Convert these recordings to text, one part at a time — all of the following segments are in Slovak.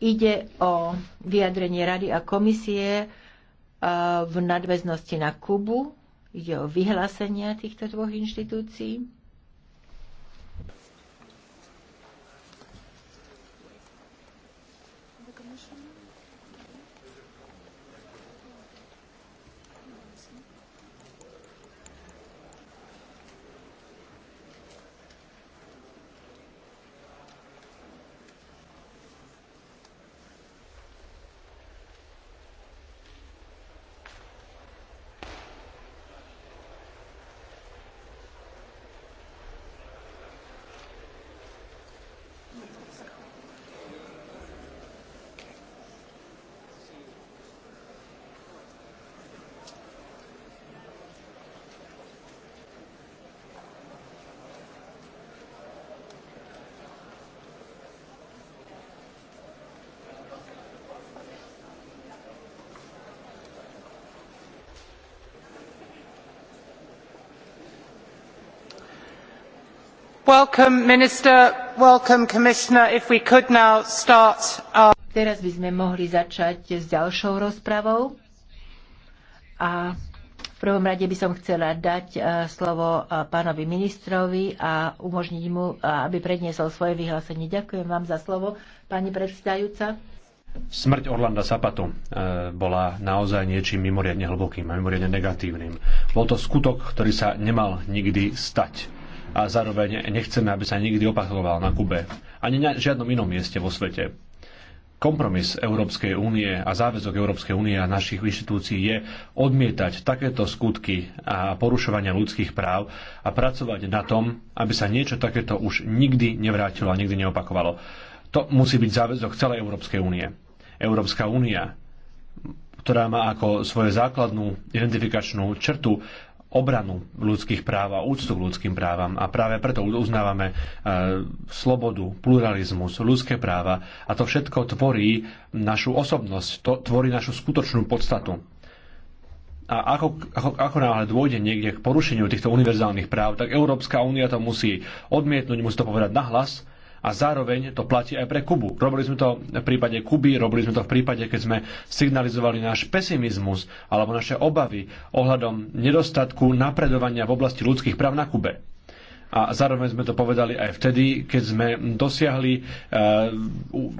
Ide o vyjadrenie Rady a komisie e, v nadväznosti na Kubu. Ide o vyhlásenia týchto dvoch inštitúcií. Teraz by sme mohli začať s ďalšou rozpravou. A v prvom rade by som chcela dať e, slovo e, pánovi ministrovi a umožniť mu, e, aby predniesol svoje vyhlásenie. Ďakujem vám za slovo, pani predstajúca. Smrť Orlanda Sapatu bola naozaj niečím mimoriadne hlbokým a mimoriadne negatívnym. Bol to skutok, ktorý sa nemal nikdy stať a zároveň nechceme, aby sa nikdy opakoval na Kube ani na žiadnom inom mieste vo svete. Kompromis Európskej únie a záväzok Európskej únie a našich inštitúcií je odmietať takéto skutky a porušovania ľudských práv a pracovať na tom, aby sa niečo takéto už nikdy nevrátilo a nikdy neopakovalo. To musí byť záväzok celej Európskej únie. Európska únia ktorá má ako svoju základnú identifikačnú črtu obranu ľudských práv a úctu k ľudským právam. A práve preto uznávame e, slobodu, pluralizmus, ľudské práva a to všetko tvorí našu osobnosť, to tvorí našu skutočnú podstatu. A ako, ako, ako náhle dôjde niekde k porušeniu týchto univerzálnych práv, tak Európska únia to musí odmietnúť, musí to povedať nahlas a zároveň to platí aj pre Kubu. Robili sme to v prípade Kuby, robili sme to v prípade, keď sme signalizovali náš pesimizmus alebo naše obavy ohľadom nedostatku napredovania v oblasti ľudských práv na Kube. A zároveň sme to povedali aj vtedy, keď sme dosiahli e,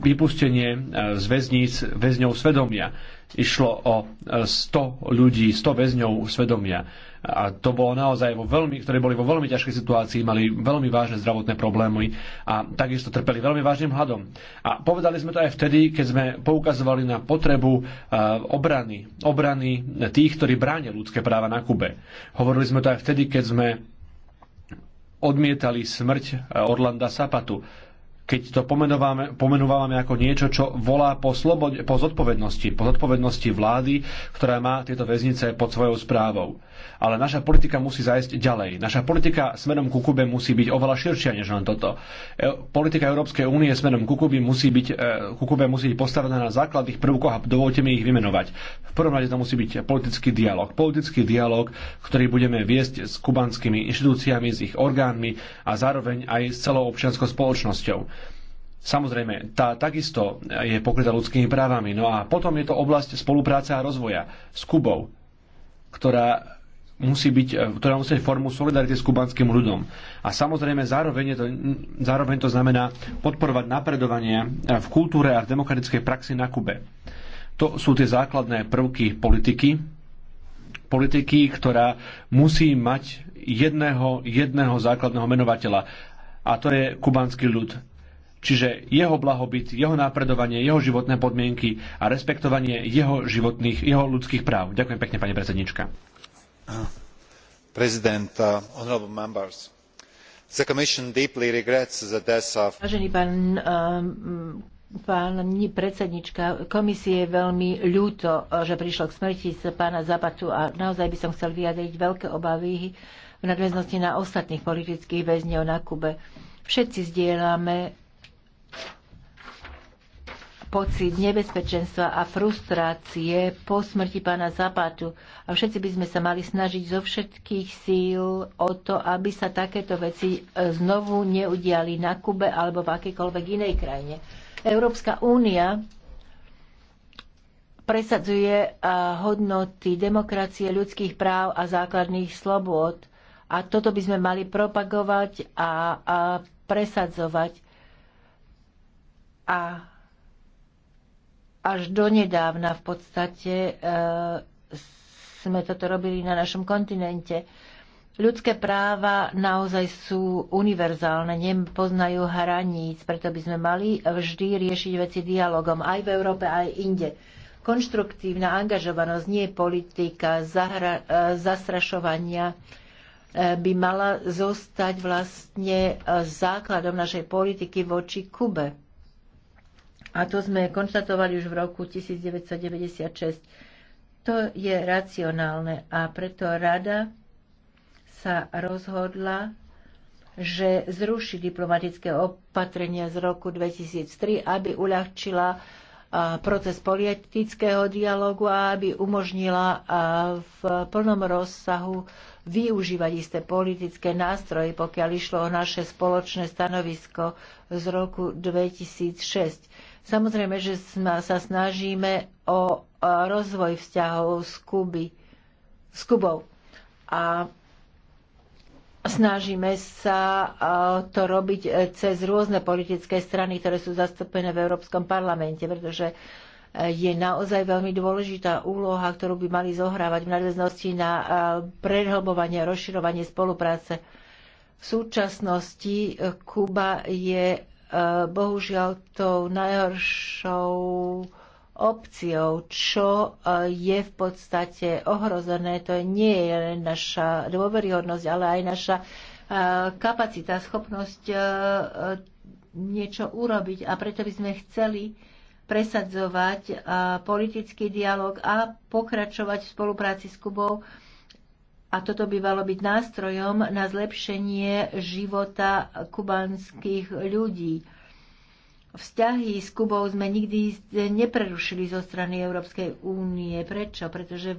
vypustenie e, z väzníc väzňov svedomia. Išlo o 100 e, ľudí, 100 väzňov svedomia a to bolo naozaj vo veľmi, ktorí boli vo veľmi ťažkej situácii, mali veľmi vážne zdravotné problémy a takisto trpeli veľmi vážnym hladom. A povedali sme to aj vtedy, keď sme poukazovali na potrebu e, obrany, obrany tých, ktorí bránia ľudské práva na Kube. Hovorili sme to aj vtedy, keď sme odmietali smrť e, Orlanda Sapatu, keď to pomenovávame, pomenovávame ako niečo, čo volá po, slobode, po zodpovednosti, po zodpovednosti vlády, ktorá má tieto väznice pod svojou správou. Ale naša politika musí zajsť ďalej. Naša politika smerom ku Kube musí byť oveľa širšia než len toto. E, politika Európskej únie smerom ku Kube musí byť, e, ku Kube musí byť postavená na základných prvkoch a dovolte mi ich vymenovať. V prvom rade to musí byť politický dialog. Politický dialog, ktorý budeme viesť s kubanskými inštitúciami, s ich orgánmi a zároveň aj s celou občianskou spoločnosťou. Samozrejme, tá takisto je pokrytá ľudskými právami. No a potom je to oblasť spolupráce a rozvoja s Kubou, ktorá musí byť, ktorá musí byť formu solidarity s kubanským ľudom. A samozrejme zároveň, to, zároveň to znamená podporovať napredovanie v kultúre a v demokratickej praxi na Kube. To sú tie základné prvky politiky, politiky, ktorá musí mať jedného, jedného základného menovateľa. A to je kubanský ľud. Čiže jeho blahobyt, jeho napredovanie, jeho životné podmienky a respektovanie jeho životných, jeho ľudských práv. Ďakujem pekne, pani predsednička. Ah, Prezident, uh, honorable members. The Commission deeply regrets the death of... Vážený pán um, predsednička komisie je veľmi ľúto, uh, že prišlo k smrti z pána Zapatu a naozaj by som chcel vyjadriť veľké obavy v nadväznosti na ostatných politických väzňov na Kube. Všetci zdieľame pocit nebezpečenstva a frustrácie po smrti pána Zapatu. A všetci by sme sa mali snažiť zo všetkých síl o to, aby sa takéto veci e, znovu neudiali na Kube alebo v akékoľvek inej krajine. Európska únia presadzuje hodnoty demokracie, ľudských práv a základných slobôd. A toto by sme mali propagovať a, a presadzovať. A až donedávna v podstate e, sme toto robili na našom kontinente. Ľudské práva naozaj sú univerzálne, nepoznajú hraníc, preto by sme mali vždy riešiť veci dialogom aj v Európe, aj inde. Konštruktívna angažovanosť nie je politika zahra, e, zastrašovania, e, by mala zostať vlastne základom našej politiky voči Kube a to sme konštatovali už v roku 1996. To je racionálne a preto rada sa rozhodla, že zruší diplomatické opatrenia z roku 2003, aby uľahčila proces politického dialogu a aby umožnila v plnom rozsahu využívať isté politické nástroje, pokiaľ išlo o naše spoločné stanovisko z roku 2006 Samozrejme, že sa snažíme o e, rozvoj vzťahov s, Kuby, s Kubou. A snažíme sa e, to robiť e, cez rôzne politické strany, ktoré sú zastúpené v Európskom parlamente, pretože je naozaj veľmi dôležitá úloha, ktorú by mali zohrávať v nadväznosti na prehlbovanie a rozširovanie spolupráce. V súčasnosti Kuba je Eh, bohužiaľ tou najhoršou opciou, čo eh, je v podstate ohrozené. To nie je len naša dôveryhodnosť, ale aj naša eh, kapacita, schopnosť niečo urobiť. A preto by sme chceli presadzovať politický dialog a pokračovať v spolupráci s Kubou a toto by malo byť nástrojom na zlepšenie života kubanských ľudí. Vzťahy s Kubou sme nikdy neprerušili zo strany Európskej únie. Prečo? Pretože e,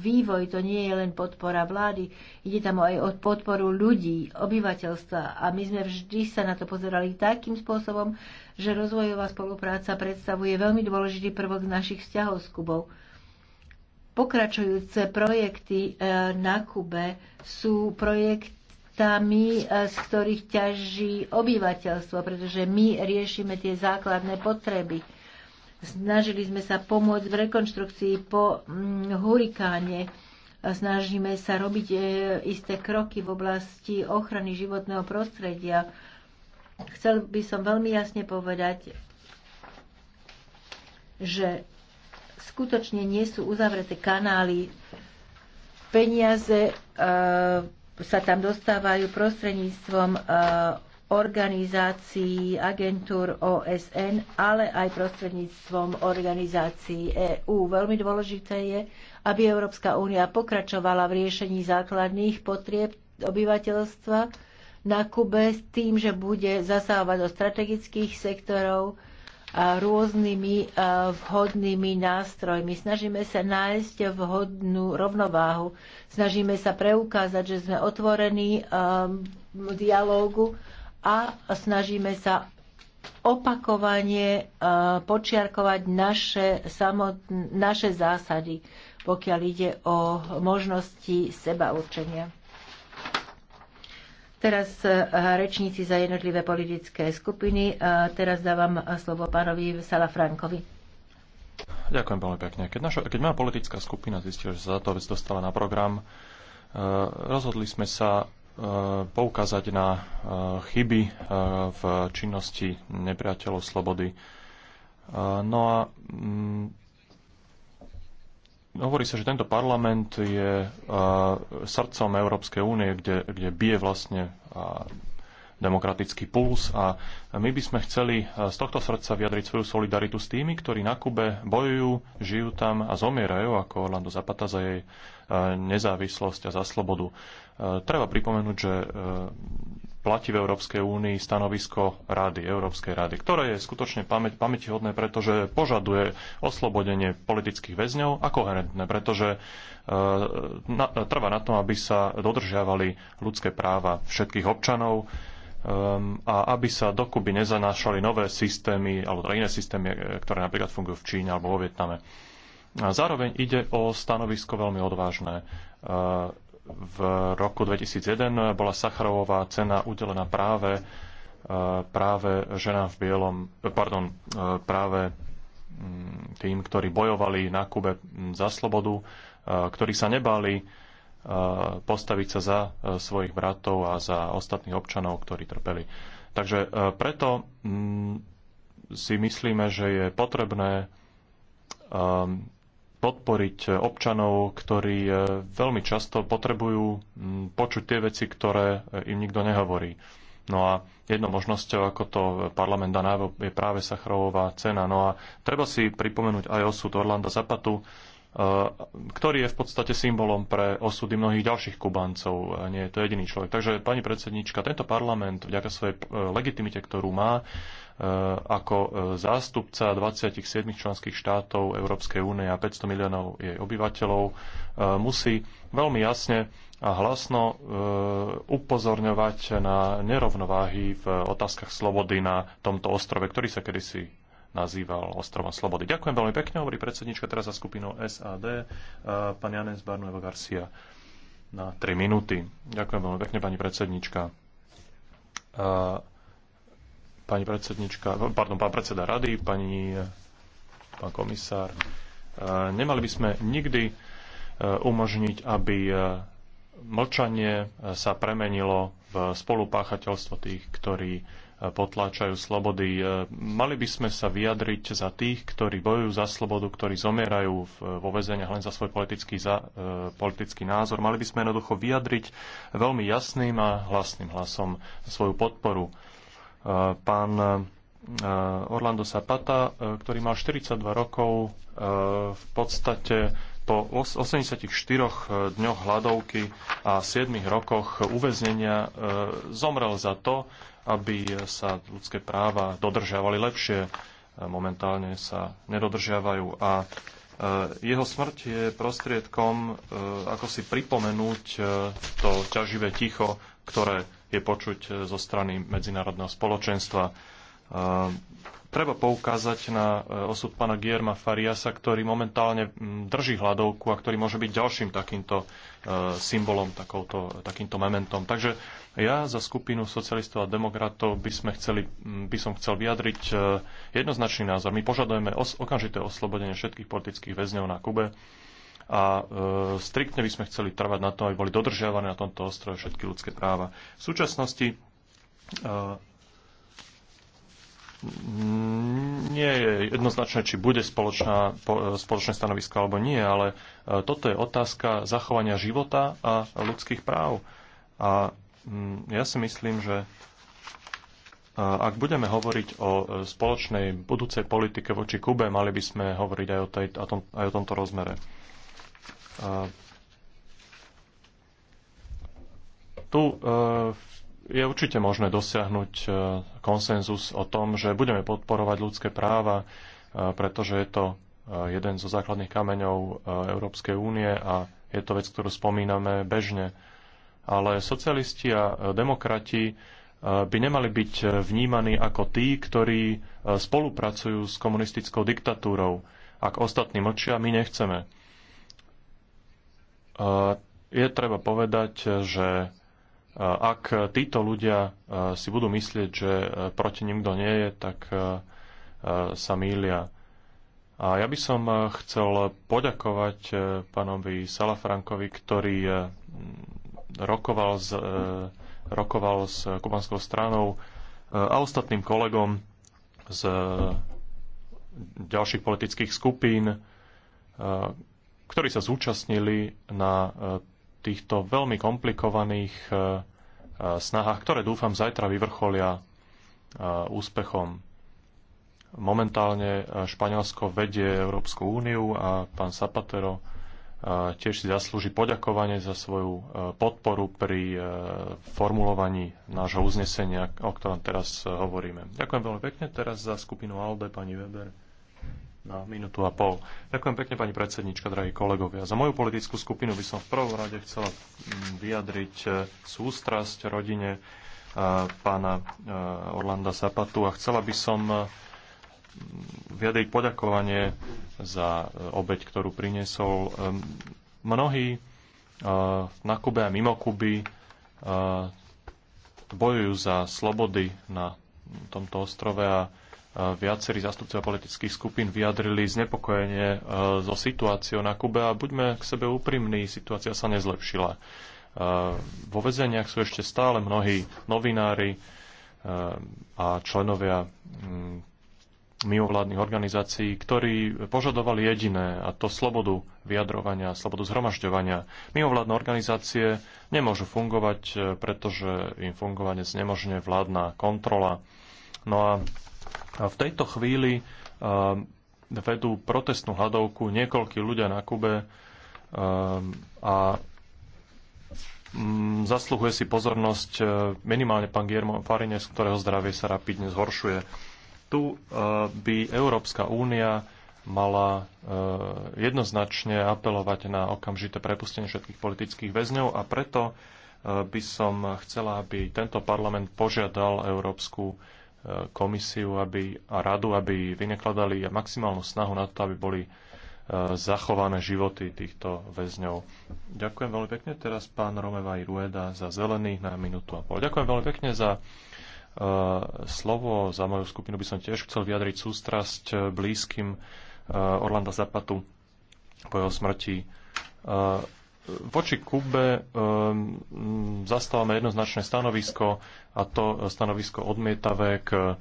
vývoj to nie je len podpora vlády, ide tam aj o podporu ľudí, obyvateľstva. A my sme vždy sa na to pozerali takým spôsobom, že rozvojová spolupráca predstavuje veľmi dôležitý prvok našich vzťahov s Kubou. Pokračujúce projekty e, na Kube sú projektami, e, z ktorých ťaží obyvateľstvo, pretože my riešime tie základné potreby. Snažili sme sa pomôcť v rekonštrukcii po mm, hurikáne. Snažíme sa robiť e, isté kroky v oblasti ochrany životného prostredia. Chcel by som veľmi jasne povedať, že skutočne nie sú uzavreté kanály. Peniaze e, sa tam dostávajú prostredníctvom e, organizácií agentúr OSN, ale aj prostredníctvom organizácií EÚ. Veľmi dôležité je, aby Európska únia pokračovala v riešení základných potrieb obyvateľstva na Kube s tým, že bude zasahovať do strategických sektorov, rôznymi vhodnými nástrojmi. Snažíme sa nájsť vhodnú rovnováhu. Snažíme sa preukázať, že sme otvorení dialógu a snažíme sa opakovane počiarkovať naše, samotn- naše zásady, pokiaľ ide o možnosti seba určenia. Teraz e, rečníci za jednotlivé politické skupiny. E, teraz dávam e, slovo pánovi Salafrankovi. Ďakujem veľmi pekne. Keď, naša, keď moja politická skupina zistila, že sa táto vec dostala na program, rozhodli sme sa poukázať na chyby v činnosti nepriateľov slobody. No a mm, Hovorí sa, že tento parlament je srdcom Európskej únie, kde, kde bije vlastne demokratický puls a my by sme chceli z tohto srdca vyjadriť svoju solidaritu s tými, ktorí na Kube bojujú, žijú tam a zomierajú, ako Orlando Zapata za jej nezávislosť a za slobodu. Treba pripomenúť, že platí v Európskej únii stanovisko Rady, Európskej rady, ktoré je skutočne pamäť, pamätihodné, pretože požaduje oslobodenie politických väzňov a koherentné, pretože e, na, trvá na tom, aby sa dodržiavali ľudské práva všetkých občanov um, a aby sa dokuby nezanášali nové systémy alebo teda iné systémy, e, ktoré napríklad fungujú v Číne alebo vo Vietname. A zároveň ide o stanovisko veľmi odvážne. Uh, v roku 2001 bola Sacharovová cena udelená práve, e, práve ženám v bielom, e, pardon, e, práve mm, tým, ktorí bojovali na Kube mm, za slobodu, ktorí sa nebali postaviť sa za svojich bratov a za ostatných občanov, ktorí trpeli. Takže preto mm, si myslíme, že je potrebné podporiť eh, občanov, ktorí eh, veľmi často potrebujú mm, počuť tie veci, ktoré eh, im nikto nehovorí. No a jednou možnosťou, ako to parlament dá najavo, je práve Sacharovová cena. No a treba si pripomenúť aj osud Orlanda Zapatu, ktorý je v podstate symbolom pre osudy mnohých ďalších Kubáncov. Nie je to jediný človek. Takže, pani predsednička, tento parlament vďaka svojej legitimite, ktorú má, E, ako e, zástupca 27 členských štátov Európskej únie a 500 miliónov jej obyvateľov e, musí veľmi jasne a hlasno upozorňovať na nerovnováhy v otázkach slobody na tomto ostrove, ktorý sa kedysi nazýval Ostrovom slobody. Ďakujem veľmi pekne, hovorí predsednička teraz za skupinu SAD, pán Janes Barnueva Garcia na 3 minúty. Ďakujem veľmi pekne, pani predsednička pani predsednička, pardon, pán predseda rady, pani, pán komisár, e, nemali by sme nikdy e, umožniť, aby e, mlčanie sa premenilo v spolupáchateľstvo tých, ktorí potláčajú slobody. Mali by sme sa vyjadriť za tých, ktorí bojujú za slobodu, ktorí zomierajú vo väzeniach len za svoj politický, za, politický názor. Mali by sme jednoducho vyjadriť veľmi jasným a hlasným hlasom svoju podporu pán e, Orlando Zapata, e, ktorý mal 42 rokov, e, v podstate po 84 dňoch hladovky a 7 rokoch uväznenia zomrel za to, aby sa ľudské práva dodržiavali lepšie. Momentálne sa nedodržiavajú a jeho smrť je prostriedkom, ako si pripomenúť to ťaživé ticho, ktoré je počuť e, zo strany medzinárodného spoločenstva. E, treba poukázať na e, osud pána Gierma Fariasa, ktorý momentálne drží hladovku a ktorý môže byť ďalším takýmto symbolom, takouto, takýmto mementom. Takže ja za skupinu socialistov a demokratov by, sme chceli, by som chcel vyjadriť jednoznačný názor. My požadujeme okamžité oslobodenie všetkých politických väzňov na Kube a e, striktne by sme chceli trvať na tom, aby boli dodržiavané na tomto ostrove všetky ľudské práva. V súčasnosti e, nie je jednoznačné, či bude spoločná, po, e, spoločné stanovisko alebo nie, ale e, toto je otázka zachovania života a ľudských práv. A mm, ja si myslím, že e, ak budeme hovoriť o e, spoločnej budúcej politike voči Kube, mali by sme hovoriť aj o, tej, aj o tomto rozmere. Tu e, je určite možné dosiahnuť e, konsenzus o tom, že budeme podporovať ľudské práva, e, pretože je to jeden zo základných kameňov Európskej únie a je to vec, ktorú spomíname bežne. Ale socialisti a demokrati by nemali byť vnímaní ako tí, ktorí spolupracujú s komunistickou diktatúrou. Ak ostatní mlčia, my nechceme je treba povedať, že ak títo ľudia si budú myslieť, že proti kto nie je, tak sa mýlia. A ja by som chcel poďakovať pánovi Salafrankovi, ktorý rokoval s, rokoval s kubanskou stranou a ostatným kolegom z ďalších politických skupín, ktorí sa zúčastnili na e, týchto veľmi komplikovaných e, e, snahách, ktoré dúfam zajtra vyvrcholia úspechom. Momentálne Španielsko vedie Európsku úniu a pán Zapatero tiež si zaslúži poďakovanie za svoju podporu pri formulovaní nášho uznesenia, o ktorom teraz hovoríme. Ďakujem veľmi pekne. Teraz za skupinu ALDE pani Weber na minútu a pol. Ďakujem pekne, pani predsednička, drahí kolegovia. Za moju politickú skupinu by som v prvom rade chcela mm, vyjadriť e, sústrasť rodine e, pána e, Orlanda Sapatu a chcela by som mm, vyjadriť poďakovanie za obeď, ktorú priniesol. Mnohí na Kube a mimo Kuby bojujú za slobody na tomto ostrove a viacerí zástupcovia politických skupín vyjadrili znepokojenie e, so situáciou na Kube a buďme k sebe úprimní, situácia sa nezlepšila. E, vo väzeniach sú ešte stále mnohí novinári e, a členovia mm, mimovládnych organizácií, ktorí požadovali jediné, a to slobodu vyjadrovania, slobodu zhromažďovania. Mimovládne organizácie nemôžu fungovať, pretože im fungovanie znemožňuje vládna kontrola. No a v tejto chvíli eh, vedú protestnú hľadovku niekoľkí ľudia na Kube eh, a mm, zasluhuje si pozornosť eh, minimálne pán Guillermo Farines, ktorého zdravie sa rapidne zhoršuje. Tu by Európska únia mala jednoznačne apelovať na okamžité prepustenie všetkých politických väzňov a preto by som chcela, aby tento parlament požiadal Európsku komisiu aby, a radu, aby vynekladali maximálnu snahu na to, aby boli e, zachované životy týchto väzňov. Ďakujem veľmi pekne teraz pán Romeva Rueda za zelený na minútu a pol. Ďakujem veľmi pekne za uh, slovo. Za moju skupinu by som tiež chcel vyjadriť sústrasť e, blízkym uh, Orlanda Zapatu po jeho smrti. Uh, voči Kube um, zastávame jednoznačné stanovisko a to stanovisko odmietavé k e,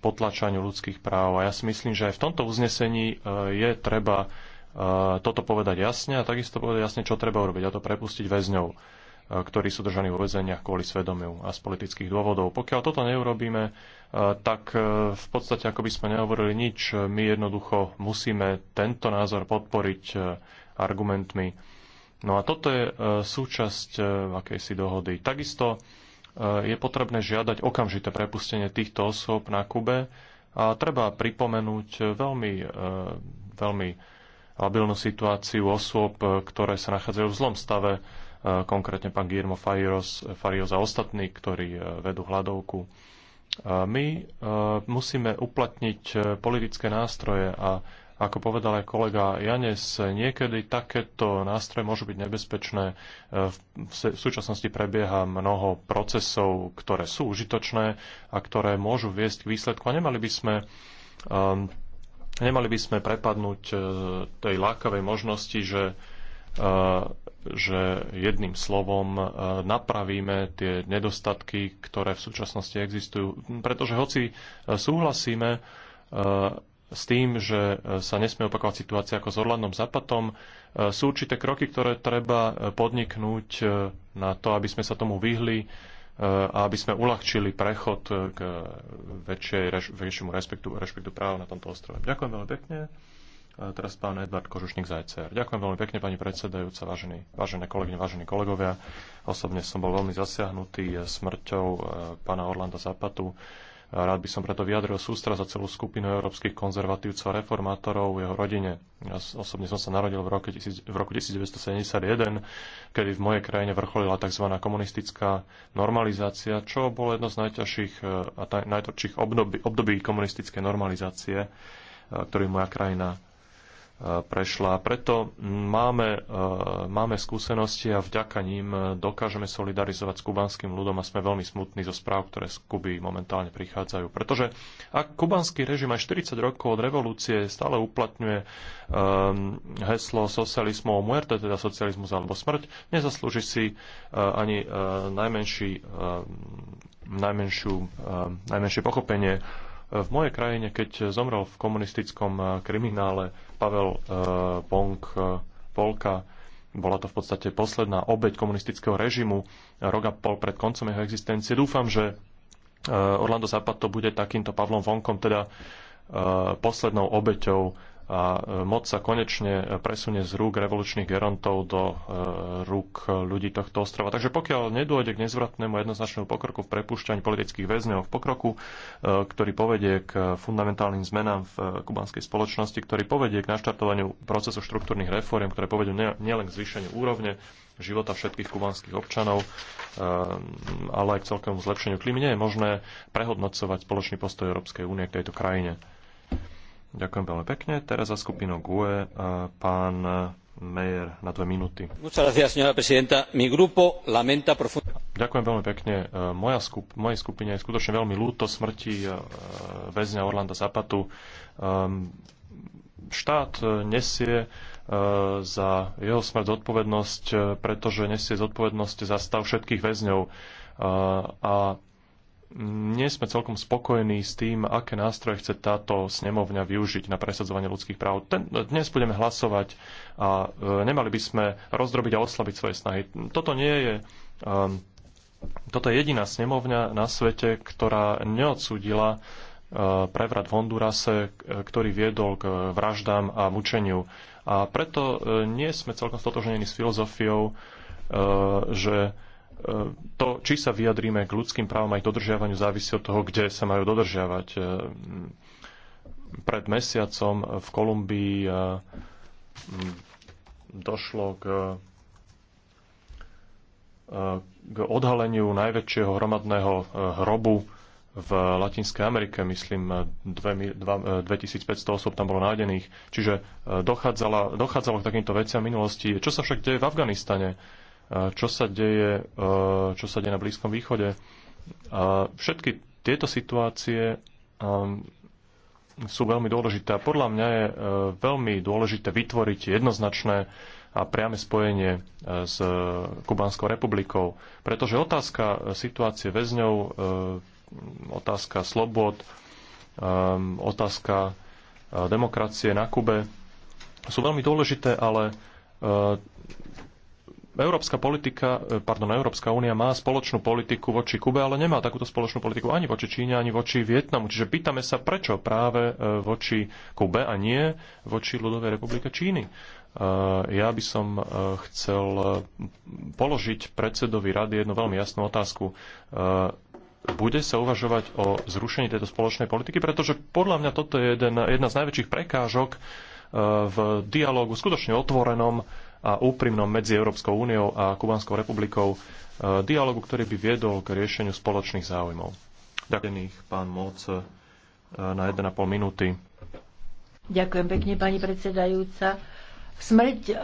potlačaniu ľudských práv. A ja si myslím, že aj v tomto uznesení e, je treba e, toto povedať jasne a takisto povedať jasne, čo treba urobiť a to prepustiť väzňov ktorí sú držaní vo väzeniach kvôli svedomiu a z politických dôvodov. Pokiaľ toto neurobíme, tak v podstate ako by sme nehovorili nič, my jednoducho musíme tento názor podporiť argumentmi No a toto je e, súčasť e, akejsi dohody. Takisto e, je potrebné žiadať okamžité prepustenie týchto osôb na Kube a treba pripomenúť veľmi, veľmi labilnú situáciu osôb, ktoré sa nachádzajú v zlom stave, konkrétne pán Guillermo Farios, Farios a ostatní, ktorí vedú hľadovku. My musíme uplatniť politické nástroje a ako povedal aj kolega Janes, niekedy takéto nástroje môžu byť nebezpečné. E, v súčasnosti prebieha mnoho procesov, ktoré sú užitočné a ktoré môžu viesť k výsledku. A nemali by sme um, nemali by sme prepadnúť e, tej lákavej možnosti, že, e, že jedným slovom napravíme tie nedostatky, ktoré v súčasnosti existujú. Pretože hoci súhlasíme s tým, že e, sa nesmie opakovať situácia ako s Orlandom Zapatom. E, sú určité kroky, ktoré treba e, podniknúť na to, aby sme sa tomu vyhli a aby sme uľahčili prechod k väčšej, väčšiemu respektu, respektu práv na tomto ostrove. Ďakujem veľmi pekne. A teraz pán Edvard Kožušník Zajcer. Ďakujem veľmi pekne, pani predsedajúca, vážení, vážené kolegyne, vážení kolegovia. Osobne som bol veľmi zasiahnutý smrťou pána Orlanda Zapatu. Rád by som preto vyjadril sústra za celú skupinu európskych konzervatívcov a reformátorov v jeho rodine. Ja osobne som sa narodil v roku, v roku 1971, kedy v mojej krajine vrcholila tzv. komunistická normalizácia, čo bolo jedno z najťažších e, a najtvrdších období, období komunistickej normalizácie, e, ktorý moja krajina E, prešla. Preto máme, e, máme skúsenosti a vďaka ním e, dokážeme solidarizovať s kubanským ľudom a sme veľmi smutní zo správ, ktoré z Kuby momentálne prichádzajú. Pretože ak kubanský režim aj 40 rokov od revolúcie stále uplatňuje um, heslo socializmu o muerte, teda socializmus alebo smrť, nezaslúži si uh, ani uh, najmenší, uh, najmenšiu, uh, najmenšie pochopenie. V mojej krajine, keď zomrel v komunistickom kriminále Pavel Pong e, e, Polka. Bola to v podstate posledná obeď komunistického režimu, rok a pol pred koncom jeho existencie. Dúfam, že e, Orlando Zapato bude takýmto Pavlom Vonkom, teda poslednou obeťou a e, moc sa konečne presunie z rúk revolučných gerontov do e, rúk ľudí tohto ostrova. Takže pokiaľ nedôjde k nezvratnému jednoznačnému pokroku v prepušťaní politických väzňov, v pokroku, e, ktorý povedie k fundamentálnym zmenám v kubanskej spoločnosti, ktorý povedie k naštartovaniu procesu štruktúrnych reform, ktoré povedú nielen k zvýšeniu úrovne života všetkých kubanských občanov, ale aj k celkovému zlepšeniu klímy, nie je možné prehodnocovať spoločný postoj Európskej únie k tejto krajine. Ďakujem veľmi pekne. Teraz za skupinu GUE eh, pán Mayer na dve minúty. Ďakujem veľmi pekne. Eh, moja skup- mojej skupine je skutočne veľmi lúto smrti eh, väzňa Orlanda Zapatu. Ehm, štát nesie za jeho smrť zodpovednosť, pretože nesie zodpovednosť za stav všetkých väzňov. A nie sme celkom spokojní s tým, aké nástroje chce táto snemovňa využiť na presadzovanie ľudských práv. Ten, dnes budeme hlasovať a e, nemali by sme rozdrobiť a oslabiť svoje snahy. Toto nie je. E, toto je jediná snemovňa na svete, ktorá neodsúdila e, prevrat v Hondurase, e, ktorý viedol k vraždám a mučeniu. A preto e, nie sme celkom stotožnení s filozofiou, že E, to, či sa vyjadríme k ľudským právom aj dodržiavaniu, závisí od toho, kde sa majú dodržiavať. E, pred mesiacom v Kolumbii e, došlo k k odhaleniu najväčšieho hromadného hrobu v Latinskej Amerike, myslím, 2500 osôb tam bolo nájdených. Čiže dochádzalo, dochádzalo k takýmto veciam v minulosti. Čo sa však deje v Afganistane? čo sa deje, čo sa deje na Blízkom východe. všetky tieto situácie um, sú veľmi dôležité a podľa mňa je e, veľmi dôležité vytvoriť jednoznačné a priame spojenie e, s Kubánskou republikou, pretože otázka situácie väzňov, e, otázka slobod, otázka demokracie na Kube sú veľmi dôležité, ale Európska politika, e, pardon, Európska únia má spoločnú politiku voči Kube, ale nemá takúto spoločnú politiku ani voči Číne, ani voči Vietnamu. Čiže pýtame sa, prečo práve e, voči Kube a nie voči Ľudovej republike Číny. E, ja by som chcel položiť predsedovi rady jednu veľmi jasnú otázku. Bude sa uvažovať o zrušení tejto spoločnej politiky, pretože podľa mňa toto je jeden, jedna z najväčších prekážok v dialógu skutočne otvorenom a úprimnom medzi Európskou úniou a Kubanskou republikou e, dialogu, ktorý by viedol k riešeniu spoločných záujmov. Ďakujem pán Moc, e, na 1,5 minúty. Ďakujem pekne, pani predsedajúca. Smrť uh,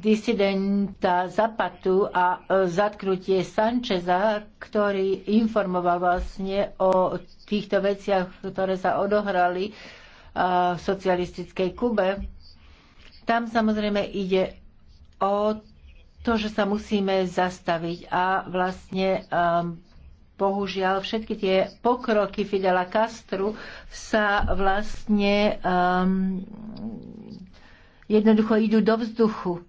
disidenta Zapatu a uh, zatknutie Sancheza, ktorý informoval vlastne o týchto veciach, ktoré sa odohrali uh, v socialistickej Kube, tam samozrejme ide o to, že sa musíme zastaviť a vlastne um, bohužiaľ všetky tie pokroky Fidela Castru sa vlastne um, jednoducho idú do vzduchu.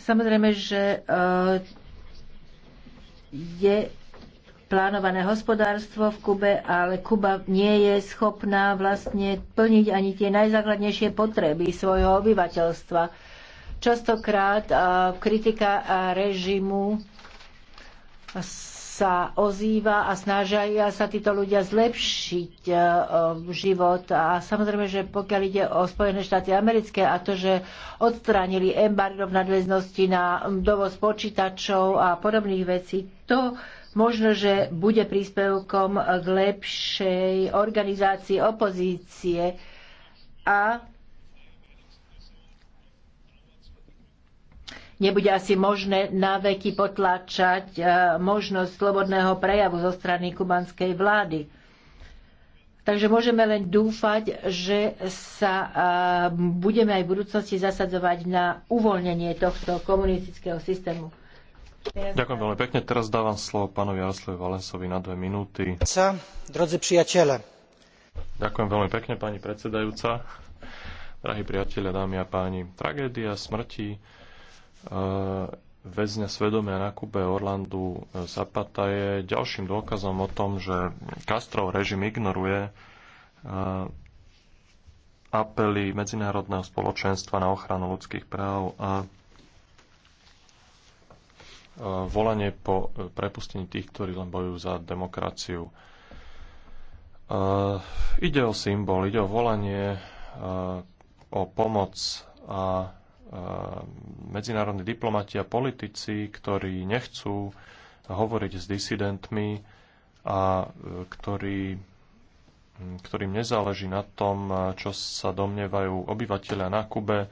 Samozrejme, že uh, je plánované hospodárstvo v Kube, ale Kuba nie je schopná vlastne plniť ani tie najzákladnejšie potreby svojho obyvateľstva. Častokrát kritika režimu sa ozýva a snažia sa títo ľudia zlepšiť e, e, život. A samozrejme, že pokiaľ ide o Spojené štáty americké a to, že odstránili embargo v nadväznosti na dovoz počítačov a podobných vecí, to možno, že bude príspevkom k lepšej organizácii opozície a nebude asi možné na veky potláčať e, možnosť slobodného prejavu zo strany kubanskej vlády. Takže môžeme len dúfať, že sa e, budeme aj v budúcnosti zasadzovať na uvoľnenie tohto komunistického systému. Ďakujem veľmi pekne. Teraz dávam slovo pánovi Jaroslavu Valensovi na dve minúty. Drodzy priateľe. Ďakujem veľmi pekne, pani predsedajúca. Drahí priatelia, dámy a páni, tragédia smrti e, väzňa svedomia na Kube Orlandu e, Zapata je ďalším dôkazom o tom, že Castrov režim ignoruje e, apely medzinárodného spoločenstva na ochranu ľudských práv a E, volanie po e, prepustení tých, ktorí len bojujú za demokraciu. E, ide o symbol, ide o volanie, o pomoc a medzinárodní diplomati a politici, ktorí nechcú hovoriť s disidentmi a ktorí, ktorým nezáleží na tom, čo sa domnievajú obyvateľia na Kube,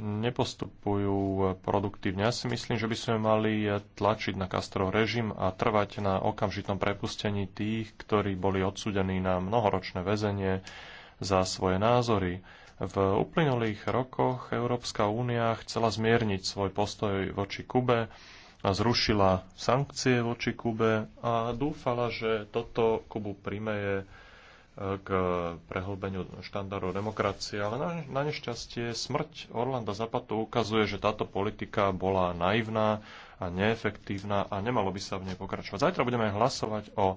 nepostupujú produktívne. Ja si myslím, že by sme mali tlačiť na Castro režim a trvať na okamžitom prepustení tých, ktorí boli odsudení na mnohoročné väzenie za svoje názory. V uplynulých rokoch Európska únia chcela zmierniť svoj postoj voči Kube, a zrušila sankcie voči Kube a dúfala, že toto Kubu primeje k prehlbeniu štandardov demokracie, ale na, na nešťastie smrť Orlanda Zapatu ukazuje, že táto politika bola naivná a neefektívna a nemalo by sa v nej pokračovať. Zajtra budeme hlasovať o e,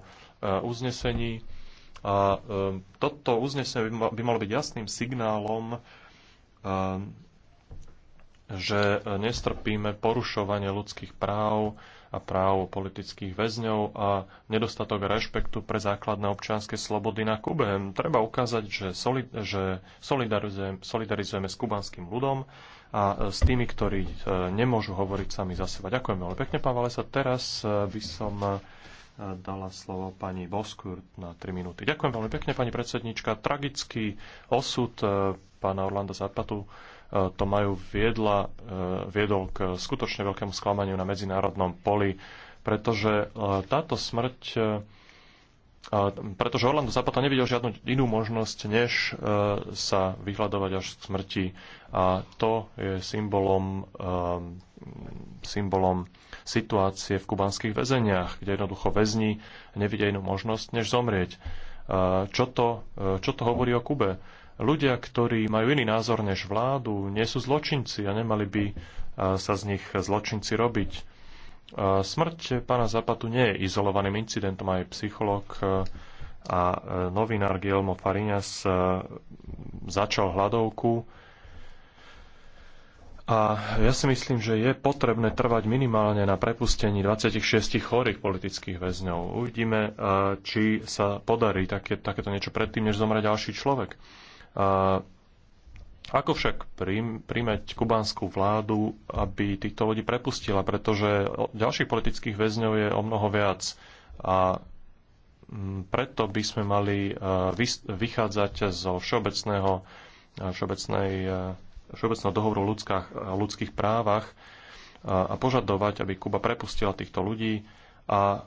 uznesení a e, toto uznesenie by malo byť jasným signálom, e, že nestrpíme porušovanie ľudských práv a práv politických väzňov a nedostatok rešpektu pre základné občianske slobody na Kube. Treba ukázať, že, solid, že solidarizujeme, solidarizujeme s kubanským ľudom a s tými, ktorí e, nemôžu hovoriť sami za seba. Ďakujem veľmi pekne, pán Valesa. Teraz e, by som e, dala slovo pani Boskurt na 3 minúty. Ďakujem veľmi pekne, pani predsednička. Tragický osud pána Orlanda Zapatu E, to majú viedla, e, viedol k skutočne veľkému sklamaniu na medzinárodnom poli, pretože e, táto smrť pretože Orlando Zapata nevidel žiadnu inú možnosť, než sa vyhľadovať až k smrti. A to je symbolom, symbolom situácie v kubanských väzeniach, kde jednoducho väzni nevidia inú možnosť, než zomrieť. Čo to, čo to hovorí o Kube? ľudia, ktorí majú iný názor než vládu, nie sú zločinci a nemali by e, sa z nich zločinci robiť. E, smrť pána Zapatu nie je izolovaným incidentom, aj psychológ e, a novinár Guillermo Farinas začal hľadovku. A ja si myslím, že je potrebné trvať minimálne na prepustení 26 chorých politických väzňov. Uvidíme, či sa podarí také, takéto niečo predtým, než zomrie ďalší človek. Ako však príjmať kubánsku vládu, aby týchto ľudí prepustila, pretože ďalších politických väzňov je o mnoho viac a mm, preto by sme mali e, vychádzať zo všeobecného, e, všeobecnej, e, všeobecného dohovoru o ľudských, ľudských právach a požadovať, aby Kuba prepustila týchto ľudí a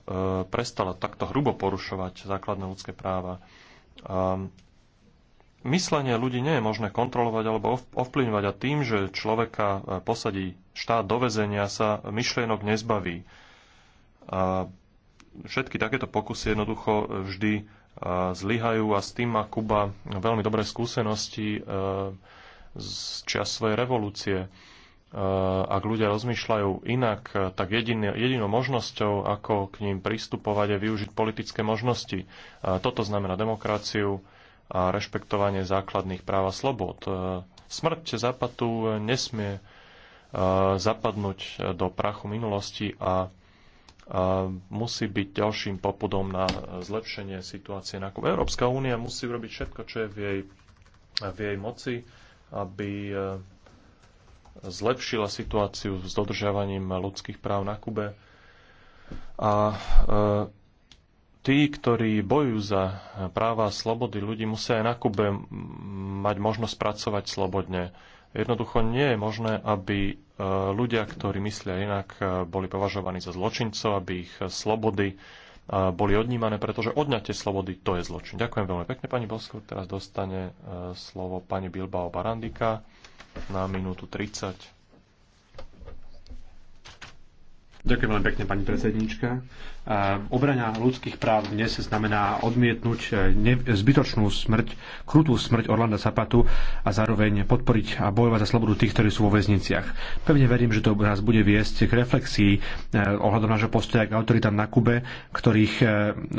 prestala takto hrubo porušovať základné ľudské práva myslenie ľudí nie je možné kontrolovať alebo ovplyvňovať a tým, že človeka e, posadí štát do väzenia, sa myšlienok nezbaví. A všetky takéto pokusy jednoducho vždy e, zlyhajú a s tým má Kuba veľmi dobré skúsenosti e, z čas svojej revolúcie. Ak ľudia rozmýšľajú inak, tak jedinou možnosťou, ako k ním pristupovať, je využiť politické možnosti. Toto znamená demokraciu, a rešpektovanie základných práv a slobod. E, smrť Zapatu nesmie e, zapadnúť do prachu minulosti a e, musí byť ďalším popudom na zlepšenie situácie na Kube. Európska únia musí urobiť všetko, čo je v jej, v jej moci, aby zlepšila situáciu s dodržiavaním ľudských práv na Kube. A tí, ktorí bojujú za práva a slobody ľudí, musia aj na Kube mať možnosť pracovať slobodne. Jednoducho nie je možné, aby e, ľudia, ktorí myslia inak, e, boli považovaní za zločincov, aby ich slobody e, boli odnímané, pretože odňatie slobody to je zločin. Ďakujem veľmi pekne, pani Bosko. Teraz dostane slovo pani Bilbao Barandika na minútu 30. Ďakujem veľmi pekne, pani predsednička. Obrana ľudských práv dnes znamená odmietnúť e, zbytočnú smrť, krutú smrť Orlanda Sapatu a zároveň podporiť a bojovať za slobodu tých, ktorí sú vo väzniciach. Pevne verím, že to nás bude viesť k reflexii e, ohľadom nášho postoja k autoritám na Kube, ktorých e,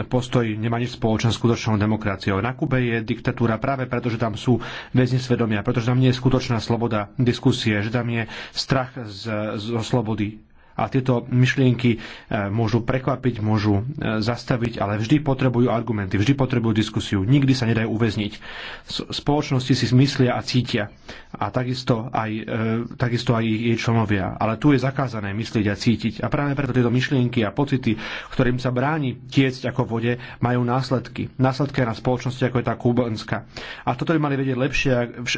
postoj nemá nič spoločné s skutočnou demokraciou. Na Kube je diktatúra práve preto, že tam sú väzni svedomia, pretože tam nie je skutočná sloboda diskusie, že tam je strach zo slobody a tieto myšlienky e, môžu prekvapiť, môžu e, zastaviť, ale vždy potrebujú argumenty, vždy potrebujú diskusiu, nikdy sa nedajú uväzniť. Spoločnosti si myslia a cítia a takisto aj, e, takisto aj jej členovia, ale tu je zakázané myslieť a cítiť a práve preto tieto myšlienky a pocity, ktorým sa bráni tiecť ako vode, majú následky. Následky na spoločnosti ako je tá kubanská. A toto by mali vedieť lepšie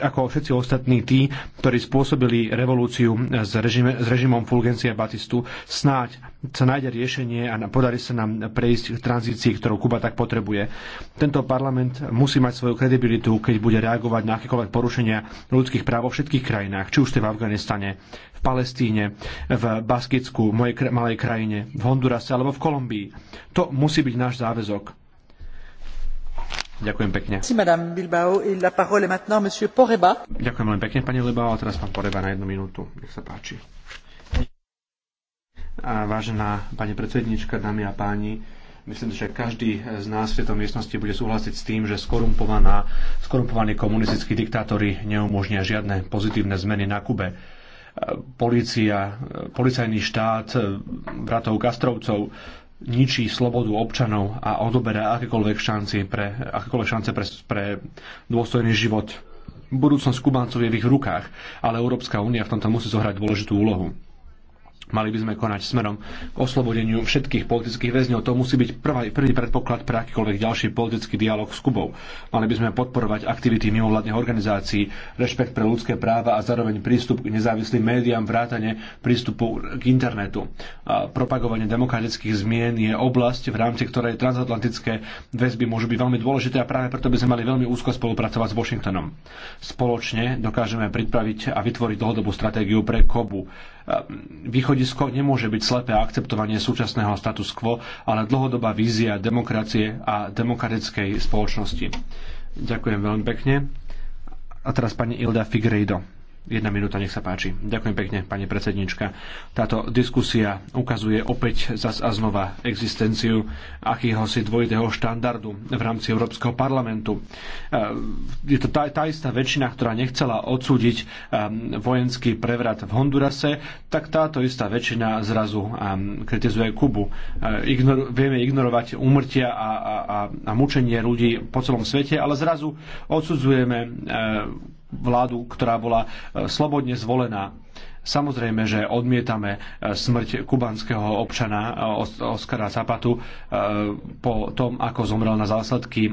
ako všetci ostatní tí, ktorí spôsobili revolúciu s, režime, s režimom Fulgencia Batista cestu. Snáď sa nájde riešenie a podarí sa nám prejsť k tranzícii, ktorú Kuba tak potrebuje. Tento parlament musí mať svoju kredibilitu, keď bude reagovať na akékoľvek porušenia ľudských práv vo všetkých krajinách, či už ste v Afganistane, v Palestíne, v Baskicku, mojej malej krajine, v Hondurase alebo v Kolumbii. To musí byť náš záväzok. Ďakujem pekne. Ďakujem veľmi pekne, pani Lebao. A teraz pán Poreba na jednu minútu. Nech sa páči. Vážená pani predsednička, dámy a páni, myslím, že každý z nás v tejto miestnosti bude súhlasiť s tým, že skorumpovaná, skorumpovaní komunistickí diktátori neumožnia žiadne pozitívne zmeny na Kube. Polícia, policajný štát, bratov Kastrovcov, ničí slobodu občanov a odoberá akékoľvek šance pre, akékoľvek šance pre, pre dôstojný život. Budúcnosť Kubáncov je v ich rukách, ale Európska únia v tomto musí zohrať dôležitú úlohu. Mali by sme konať smerom k oslobodeniu všetkých politických väzňov. To musí byť prvý prvý predpoklad pre akýkoľvek ďalší politický dialog s Kubou. Mali by sme podporovať aktivity mimovládnych organizácií, rešpekt pre ľudské práva a zároveň prístup k nezávislým médiám, vrátane prístupu k internetu. A propagovanie demokratických zmien je oblasť, v rámci ktorej transatlantické väzby môžu byť veľmi dôležité a práve preto by sme mali veľmi úzko spolupracovať s Washingtonom. Spoločne dokážeme pripraviť a vytvoriť dlhodobú stratégiu pre Kobu Ehm, východisko nemôže byť slepé akceptovanie súčasného status quo, ale dlhodobá vízia demokracie a demokratickej spoločnosti. Ďakujem veľmi pekne. A teraz pani Ilda Figredo. Jedna minúta, nech sa páči. Ďakujem pekne, pani predsednička. Táto diskusia ukazuje opäť zas a znova existenciu akýhosi dvojitého štandardu v rámci Európskeho parlamentu. E, je to tá, tá istá väčšina, ktorá nechcela odsúdiť e, vojenský prevrat v Hondurase, tak táto istá väčšina zrazu e, kritizuje Kubu. Ignor, vieme ignorovať úmrtia a, a, a mučenie ľudí po celom svete, ale zrazu odsudzujeme vládu, ktorá bola e, slobodne zvolená. Samozrejme, že odmietame e, smrť kubanského občana e, Oskara Zapatu e, po tom, ako zomrel na zásadky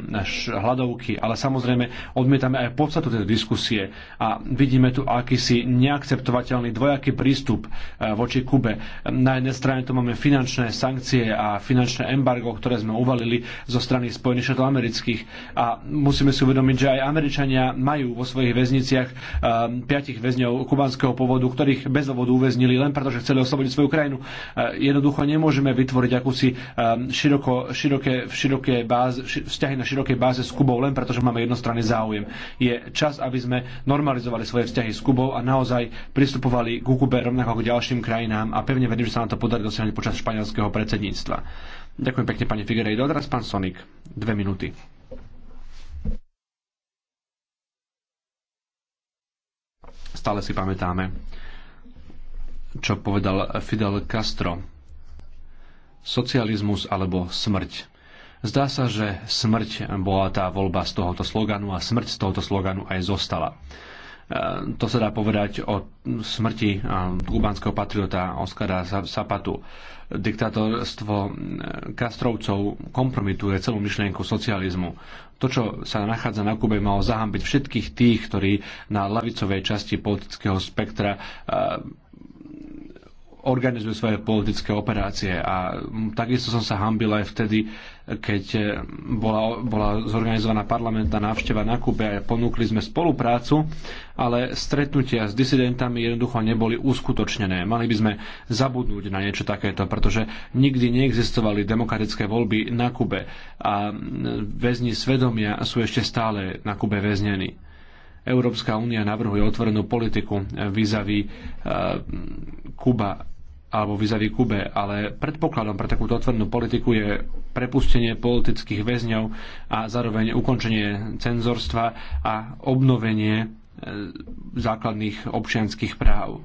hladovky, ale samozrejme odmietame aj podstatu tejto diskusie a vidíme tu akýsi neakceptovateľný dvojaký prístup voči Kube. Na jednej strane tu máme finančné sankcie a finančné embargo, ktoré sme uvalili zo strany Spojených štátov amerických a musíme si uvedomiť, že aj Američania majú vo svojich väzniciach piatich väzňov kubanského pôvodu, ktorých ktorých bez dôvodu uväznili len preto, že chceli oslobodiť svoju krajinu. E, jednoducho nemôžeme vytvoriť akúsi e, široko, široké, široké báze, vzťahy na širokej báze s Kubou len preto, že máme jednostranný záujem. Je čas, aby sme normalizovali svoje vzťahy s Kubou a naozaj pristupovali k Kube rovnako k ďalším krajinám a pevne verím, že sa nám to podarí dosiahnuť počas španielského predsedníctva. Ďakujem pekne, pani Figueiredo. Teraz pán Sonik, dve minúty. Stále si pamätáme čo povedal Fidel Castro. Socializmus alebo smrť. Zdá sa, že smrť bola tá voľba z tohoto sloganu a smrť z tohoto sloganu aj zostala. E, to sa dá povedať o smrti e, kubanského patriota Oskara Zapatu. Diktátorstvo Kastrovcov e, kompromituje celú myšlienku socializmu. To, čo sa nachádza na Kube, malo zahambiť všetkých tých, ktorí na lavicovej časti politického spektra organizuje svoje politické operácie. A takisto som sa hambil aj vtedy, keď e, bola, bola zorganizovaná parlamentná návšteva na Kube a ponúkli sme spoluprácu, ale stretnutia s disidentami jednoducho neboli uskutočnené. Mali by sme zabudnúť na niečo takéto, pretože nikdy neexistovali demokratické voľby na Kube a väzni svedomia sú ešte stále na Kube väznení. Európska únia navrhuje otvorenú politiku e, vizavi e, Kuba alebo vizavi Kube, ale predpokladom pre takúto otvornú politiku je prepustenie politických väzňov a zároveň ukončenie cenzorstva a obnovenie e, základných občianských práv.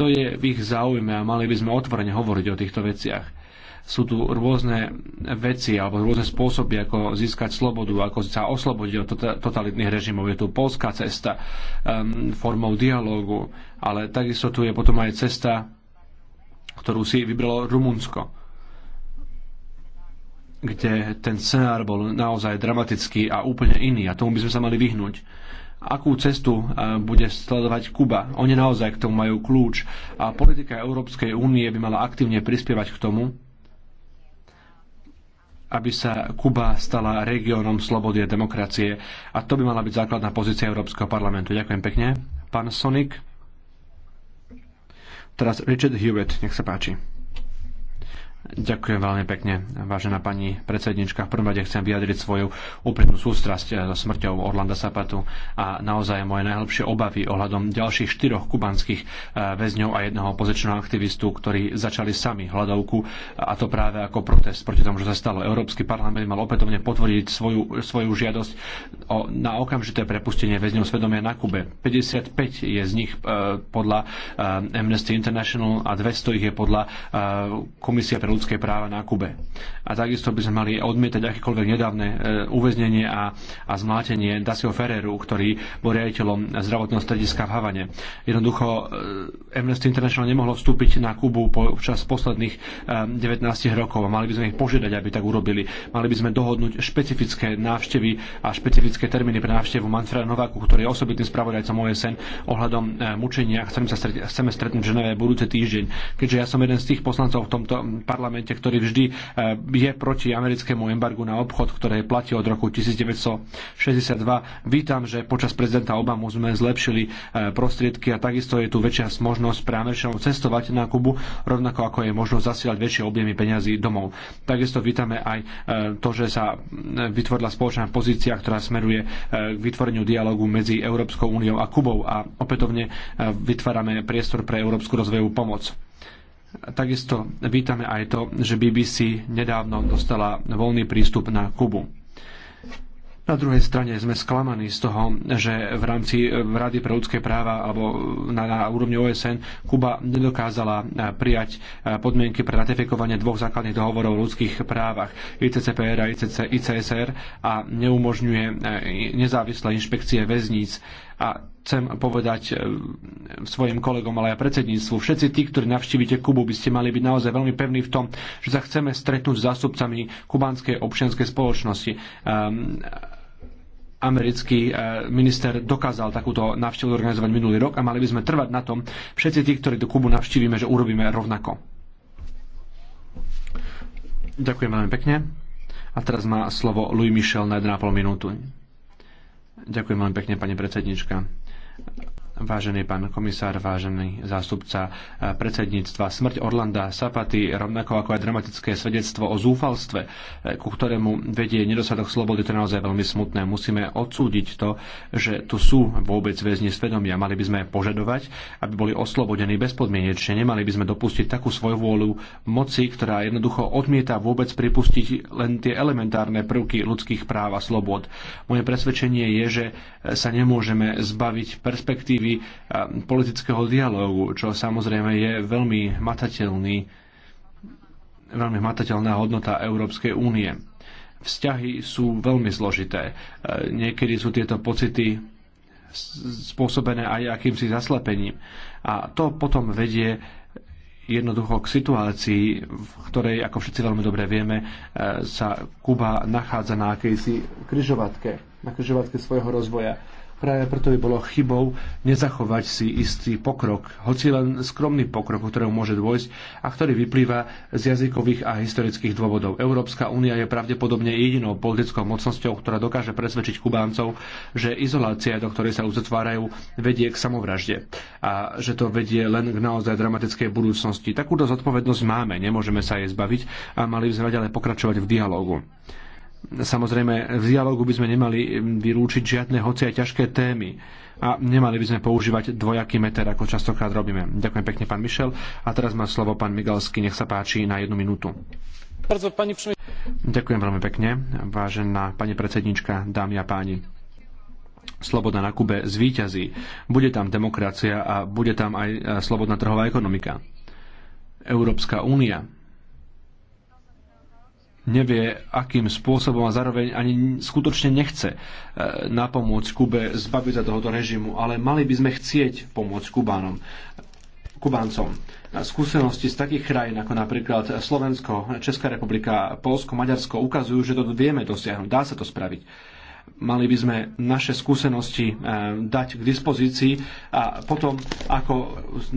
To je v ich záujme a mali by sme otvorene hovoriť o týchto veciach sú tu rôzne veci alebo rôzne spôsoby, ako získať slobodu, ako sa oslobodiť od tota- totalitných režimov. Je tu polská cesta um, formou dialógu, ale takisto tu je potom aj cesta ktorú si vybralo Rumunsko kde ten scenár bol naozaj dramatický a úplne iný a tomu by sme sa mali vyhnúť. Akú cestu e, bude sledovať Kuba? Oni naozaj k tomu majú kľúč a politika Európskej únie by mala aktívne prispievať k tomu, aby sa Kuba stala regiónom slobody a demokracie. A to by mala byť základná pozícia Európskeho parlamentu. Ďakujem pekne. Pán Sonik. Teraz Richard Hewitt, nech sa páči. Ďakujem veľmi pekne, vážená pani predsednička. V prvom rade chcem vyjadriť svoju úprimnú sústrasť eh, so smrťou Orlanda Sapatu a naozaj moje najhlbšie obavy ohľadom ďalších štyroch kubanských eh, väzňov a jedného pozičného aktivistu, ktorí začali sami hľadovku a to práve ako protest proti tomu, čo sa stalo. Európsky parlament mal opätovne potvrdiť svoju, svoju žiadosť o, na okamžité prepustenie väzňov svedomia na Kube. 55 je z nich e, podľa e, Amnesty International a 200 ich je podľa e, Komisie pre ľudské práva na Kube. A takisto by sme mali odmietať akékoľvek nedávne e, uväznenie a, a zmlátenie Dasio Ferreru, ktorý bol riaditeľom zdravotného strediska v Havane. Jednoducho e, Amnesty International nemohlo vstúpiť na Kubu počas posledných 19 e, rokov a mali by sme ich požiadať, aby tak urobili. Mali by sme dohodnúť špecifické návštevy a špecifické termíny pre návštevu Manfreda Nováku, ktorý je osobitným spravodajcom OSN ohľadom mučenia, ktorým sa chceme stretnúť v Ženeve budúci týždeň. Keďže ja som jeden z tých poslancov v tomto parlamentu, parlamente, ktorý vždy eh, je proti americkému embargu na obchod, ktoré platí od roku 1962. Vítam, že počas prezidenta Obamu sme zlepšili eh, prostriedky a takisto je tu väčšia možnosť pre Američanov cestovať na Kubu, rovnako ako je možnosť zasielať väčšie objemy peňazí domov. Takisto vítame aj eh, to, že sa vytvorila spoločná pozícia, ktorá smeruje k vytvoreniu dialogu medzi Európskou úniou a Kubou a opätovne vytvárame priestor pre európsku rozvojovú pomoc. Takisto vítame aj to, že BBC nedávno dostala voľný prístup na Kubu. Na druhej strane sme sklamaní z toho, že v rámci Rady pre ľudské práva alebo na, na úrovni OSN Kuba nedokázala eh, prijať eh, podmienky pre ratifikovanie dvoch základných dohovorov o ľudských právach ICCPR a ICC, ICSR a neumožňuje eh, nezávislé inšpekcie väzníc a chcem povedať e, svojim kolegom, ale aj predsedníctvu, všetci tí, ktorí navštívite Kubu, by ste mali byť naozaj veľmi pevní v tom, že sa chceme stretnúť s zástupcami kubanskej občianskej spoločnosti. Um, americký e, minister dokázal takúto návštevu organizovať minulý rok a mali by sme trvať na tom, všetci tí, ktorí do Kubu navštívime, že urobíme rovnako. Ďakujem veľmi pekne. A teraz má slovo Louis Michel na 1,5 minútu. Ďakujem veľmi pekne, pani predsednička. Vážený pán komisár, vážený zástupca eh, predsedníctva, smrť Orlanda Sapaty, rovnako ako aj dramatické svedectvo o zúfalstve, eh, ku ktorému vedie nedostatok slobody, to je naozaj veľmi smutné. Musíme odsúdiť to, že tu sú vôbec väzni svedomia. Mali by sme požadovať, aby boli oslobodení bezpodmienečne. Nemali by sme dopustiť takú svoju vôľu moci, ktorá jednoducho odmieta vôbec pripustiť len tie elementárne prvky ľudských práv a slobod. Moje presvedčenie je, že eh, sa nemôžeme zbaviť perspektívy Eh, politického dialógu, čo samozrejme je veľmi matateľný, veľmi matateľná hodnota Európskej únie. Vzťahy sú veľmi zložité. Eh, niekedy sú tieto pocity spôsobené aj akýmsi zaslepením. A to potom vedie jednoducho k situácii, v ktorej, ako všetci veľmi dobre vieme, eh, sa Kuba nachádza na akejsi križovatke na križovatke svojho rozvoja. Práve preto by bolo chybou nezachovať si istý pokrok, hoci len skromný pokrok, o ktorému môže dôjsť a ktorý vyplýva z jazykových a historických dôvodov. Európska únia je pravdepodobne jedinou politickou mocnosťou, ktorá dokáže presvedčiť Kubáncov, že izolácia, do ktorej sa uzatvárajú, vedie k samovražde a že to vedie len k naozaj dramatickej budúcnosti. Takúto zodpovednosť máme, nemôžeme sa jej zbaviť a mali by sme ďalej pokračovať v dialógu. Samozrejme, v dialogu by sme nemali mm, vylúčiť žiadne hoci aj ťažké témy a nemali by sme používať dvojaký meter, ako častokrát robíme. Ďakujem pekne, pán Mišel. A teraz má slovo pán Migalsky, nech sa páči na jednu minútu. Ďakujem veľmi pekne, vážená pani predsednička, dámy a páni sloboda na Kube zvíťazí. Bude tam demokracia a bude tam aj e, slobodná trhová ekonomika. Európska únia nevie, akým spôsobom a zároveň ani skutočne nechce e, napomôcť Kube zbaviť sa tohoto režimu, ale mali by sme chcieť pomôcť Kubánom. Kubáncom. Skúsenosti z takých krajín ako napríklad Slovensko, Česká republika, Polsko, Maďarsko ukazujú, že to vieme dosiahnuť, dá sa to spraviť mali by sme naše skúsenosti eh, dať k dispozícii a potom, ako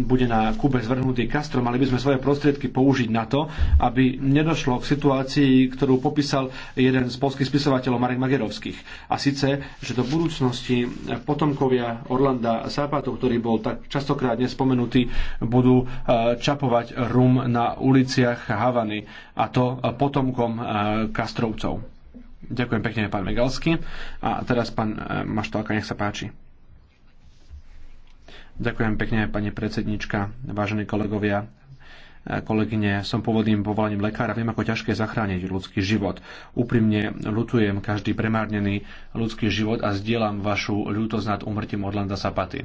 bude na Kube zvrhnutý Castro, mali by sme svoje prostriedky použiť na to, aby nedošlo k situácii, ktorú popísal jeden z polských spisovateľov Marek Magerovských. A síce, že do budúcnosti potomkovia Orlanda Sápatov, ktorý bol tak častokrát nespomenutý, budú eh, čapovať rum na uliciach Havany a to potomkom eh, Kastrovcov. Ďakujem pekne, pán Megalsky. A teraz pán e, Maštalka, nech sa páči. Ďakujem pekne, pani predsednička, vážení kolegovia, e, kolegyne, som pôvodným povolaním lekára, viem, ako ťažké zachrániť ľudský život. Úprimne lutujem každý premárnený ľudský život a zdieľam vašu ľútosť nad umrtím Orlanda Sapaty.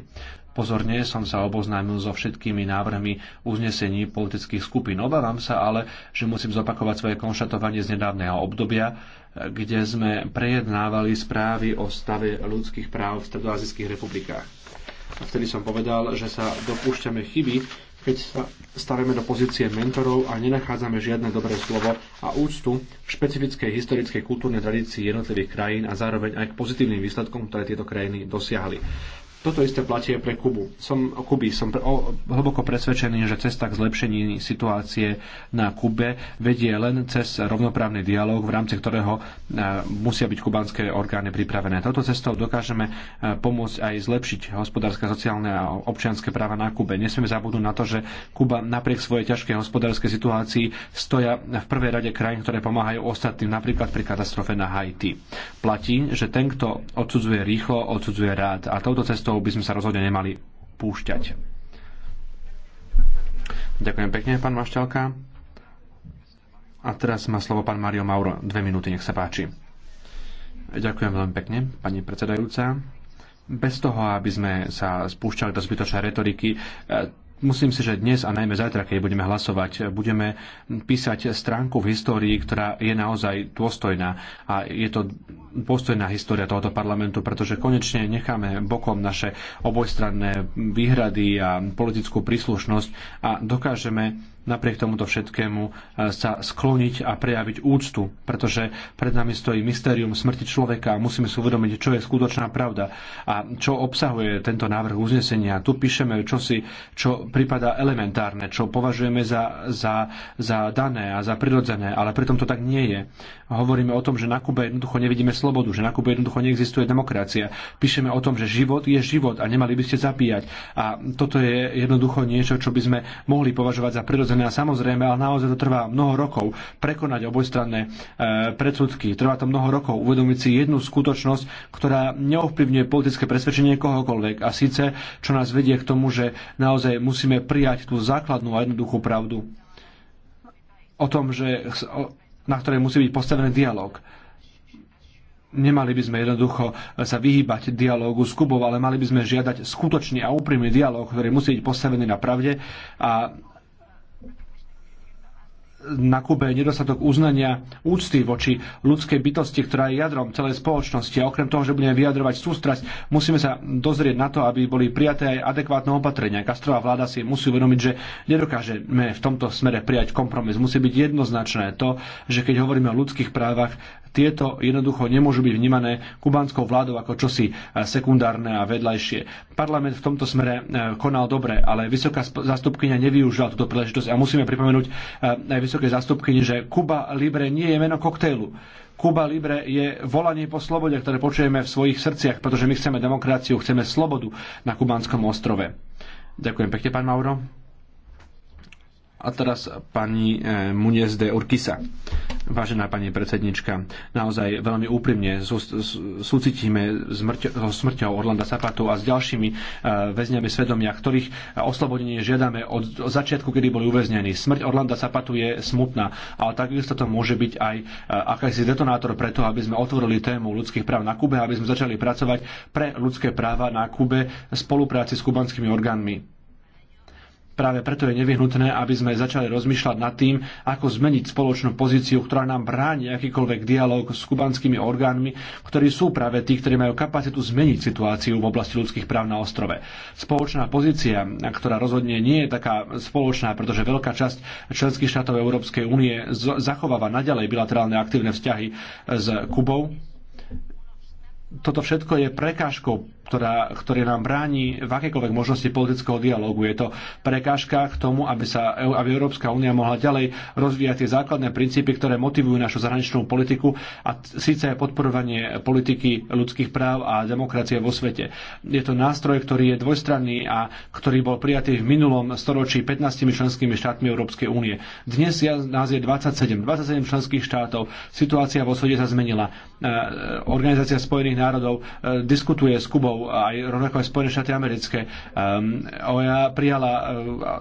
Pozorne som sa oboznámil so všetkými návrhmi uznesení politických skupín. Obávam sa ale, že musím zopakovať svoje konštatovanie z nedávneho obdobia, kde sme prejednávali správy o stave ľudských práv v stredoazijských republikách. A vtedy som povedal, že sa dopúšťame chyby, keď sa stavíme do pozície mentorov a nenachádzame žiadne dobré slovo a úctu v špecifickej historickej kultúrnej tradícii jednotlivých krajín a zároveň aj k pozitívnym výsledkom, ktoré tieto krajiny dosiahli. Toto isté platí aj pre Kubu. Som, Kuby som o, hlboko presvedčený, že cesta k zlepšení situácie na Kube vedie len cez rovnoprávny dialog, v rámci ktorého e, musia byť kubanské orgány pripravené. Toto cestou dokážeme e, pomôcť aj zlepšiť hospodárske, sociálne a občianske práva na Kube. Nesmieme zabudnúť na to, že Kuba napriek svojej ťažkej hospodárskej situácii stoja v prvej rade krajín, ktoré pomáhajú ostatným, napríklad pri katastrofe na Haiti. Platí, že ten, kto odsudzuje rýchlo, odsudzuje rád. A touto cestou cestou by sme sa rozhodne nemali púšťať. Ďakujem pekne, pán Mašťalka. A teraz má slovo pán Mario Mauro. Dve minúty, nech sa páči. Ďakujem veľmi pekne, pani predsedajúca. Bez toho, aby sme sa spúšťali do zbytočnej retoriky, Myslím si, že dnes a najmä zajtra, keď budeme hlasovať, budeme písať stránku v histórii, ktorá je naozaj dôstojná. A je to dôstojná história tohoto parlamentu, pretože konečne necháme bokom naše obojstranné výhrady a politickú príslušnosť a dokážeme napriek tomuto všetkému e, sa skloniť a prejaviť úctu, pretože pred nami stojí mystérium smrti človeka a musíme si uvedomiť, čo je skutočná pravda a čo obsahuje tento návrh uznesenia. Tu píšeme čosi, čo prípada elementárne, čo považujeme za, za, za dané a za prirodzené, ale pritom to tak nie je hovoríme o tom, že na Kube jednoducho nevidíme slobodu, že na Kube jednoducho neexistuje demokracia. Píšeme o tom, že život je život a nemali by ste zabíjať. A toto je jednoducho niečo, čo by sme mohli považovať za prirodzené a samozrejme, ale naozaj to trvá mnoho rokov prekonať obojstranné e, predsudky. Trvá to mnoho rokov uvedomiť si jednu skutočnosť, ktorá neovplyvňuje politické presvedčenie kohokoľvek a síce, čo nás vedie k tomu, že naozaj musíme prijať tú základnú a jednoduchú pravdu o tom, že na ktorej musí byť postavený dialog. Nemali by sme jednoducho sa vyhýbať dialógu s Kubou, ale mali by sme žiadať skutočný a úprimný dialog, ktorý musí byť postavený na pravde a na Kube je nedostatok uznania úcty voči ľudskej bytosti, ktorá je jadrom celej spoločnosti. A okrem toho, že budeme vyjadrovať sústrasť, musíme sa dozrieť na to, aby boli prijaté aj adekvátne opatrenia. Kastrová vláda si musí uvedomiť, že nedokážeme v tomto smere prijať kompromis. Musí byť jednoznačné to, že keď hovoríme o ľudských právach, tieto jednoducho nemôžu byť vnímané kubánskou vládou ako čosi e, sekundárne a vedľajšie. Parlament v tomto smere e, konal dobre, ale vysoká zastupkynia nevyužila túto príležitosť a musíme pripomenúť e, aj vysokej zastupkyni, že Kuba Libre nie je meno koktejlu. Kuba Libre je volanie po slobode, ktoré počujeme v svojich srdciach, pretože my chceme demokraciu, chceme slobodu na Kubánskom ostrove. Ďakujem pekne, pán Mauro. A teraz pani e, Munez de Urkisa. Vážená pani predsednička, naozaj veľmi úprimne súcitíme so smrťou Orlanda Sapatu a s ďalšími e, väzňami svedomia, ktorých oslobodenie žiadame od začiatku, kedy boli uväznení. Smrť Orlanda Sapatu je smutná, ale takisto to môže byť aj e, akýsi detonátor preto, aby sme otvorili tému ľudských práv na Kube, aby sme začali pracovať pre ľudské práva na Kube v spolupráci s kubanskými orgánmi Práve preto je nevyhnutné, aby sme začali rozmýšľať nad tým, ako zmeniť spoločnú pozíciu, ktorá nám bráni akýkoľvek dialog s kubanskými orgánmi, ktorí sú práve tí, ktorí majú kapacitu zmeniť situáciu v oblasti ľudských práv na ostrove. Spoločná pozícia, ktorá rozhodne nie je taká spoločná, pretože veľká časť členských štátov Európskej únie zachováva naďalej bilaterálne aktívne vzťahy s Kubou, toto všetko je prekážkou ktorá, ktorý nám bráni v akékoľvek možnosti politického dialógu. Je to prekážka k tomu, aby, sa, aby Európska únia mohla ďalej rozvíjať tie základné princípy, ktoré motivujú našu zahraničnú politiku a síce aj podporovanie politiky ľudských práv a demokracie vo svete. Je to nástroj, ktorý je dvojstranný a ktorý bol prijatý v minulom storočí 15 členskými štátmi Európskej únie. Dnes nás je 27, 27 členských štátov. Situácia vo svete sa zmenila. E, e, Organizácia Spojených národov e, diskutuje s Kubou aj rovnako aj Spojené štáty americké. Ehm, OEA prijala,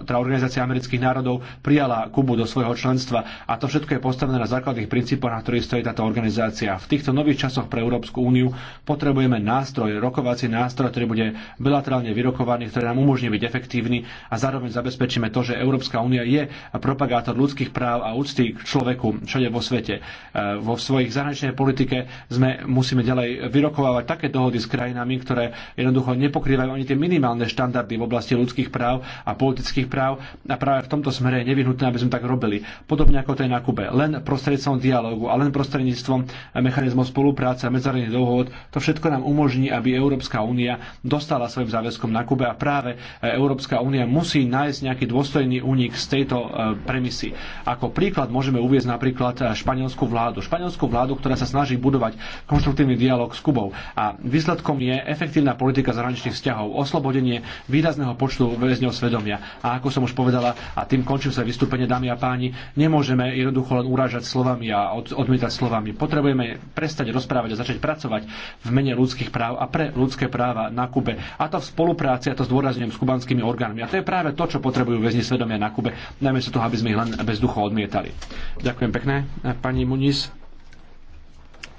e, teda Organizácia amerických národov prijala Kubu do svojho členstva a to všetko je postavené na základných princípoch, na ktorých stojí táto organizácia. V týchto nových časoch pre Európsku úniu potrebujeme nástroj, rokovací nástroj, ktorý bude bilaterálne vyrokovaný, ktorý nám umožní byť efektívny a zároveň zabezpečíme to, že Európska únia je propagátor ľudských práv a úcty k človeku všade vo svete. Ehm, vo svojich zahraničnej politike sme musíme ďalej vyrokovávať také dohody s krajinami, ktoré jednoducho nepokrývajú ani tie minimálne štandardy v oblasti ľudských práv a politických práv a práve v tomto smere je nevyhnutné, aby sme tak robili. Podobne ako to je na Kube. Len prostredníctvom dialógu a len prostredníctvom mechanizmov spolupráce a medzárodných dohôd to všetko nám umožní, aby Európska únia dostala svojim záväzkom na Kube a práve Európska únia musí nájsť nejaký dôstojný únik z tejto e, premisy. Ako príklad môžeme uvieť napríklad e, španielskú vládu. Španielskú vládu, ktorá sa snaží budovať konštruktívny dialog s Kubou. A výsledkom je efektívne účinná politika zahraničných vzťahov, oslobodenie výrazného počtu väzňov svedomia. A ako som už povedala, a tým končím sa vystúpenie, dámy a páni, nemôžeme jednoducho len urážať slovami a od, odmietať slovami. Potrebujeme prestať rozprávať a začať pracovať v mene ľudských práv a pre ľudské práva na Kube. A to v spolupráci, a to zdôrazňujem, s kubanskými orgánmi. A to je práve to, čo potrebujú väzni svedomia na Kube, najmä sa toho, aby sme ich len bez ducho odmietali. Ďakujem pekne, pani Muniz.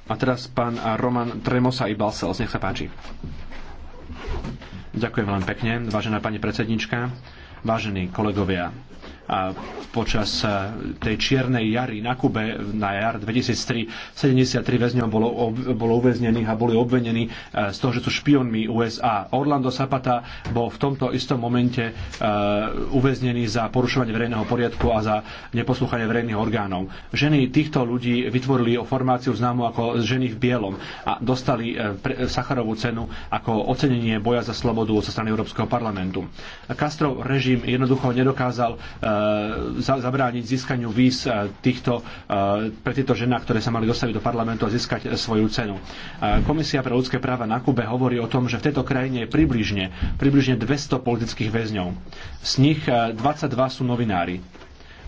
A teraz pán Roman Tremosa i Balsels, nech sa páči. Ďakujem veľmi pekne, vážená pani predsednička, vážení kolegovia počas e, tej čiernej jary na Kube na jar 2003 73 väzňov bolo, bolo uväznených a boli obvenení e, z toho, že sú špionmi USA. Orlando Zapata bol v tomto istom momente e, uväznený za porušovanie verejného poriadku a za neposlúchanie verejných orgánov. Ženy týchto ľudí vytvorili o formáciu známu ako ženy v bielom a dostali Sacharovú cenu ako ocenenie boja za slobodu zo strany Európskeho parlamentu. Castro režim jednoducho nedokázal E, zabrániť získaniu víz e, týchto, e, pre týchto ženách, ktoré sa mali dostaviť do parlamentu a získať svoju cenu. Komisia pre ľudské práva na Kube hovorí o tom, že v tejto krajine je približne, približne 200 politických väzňov. Z nich 22 sú novinári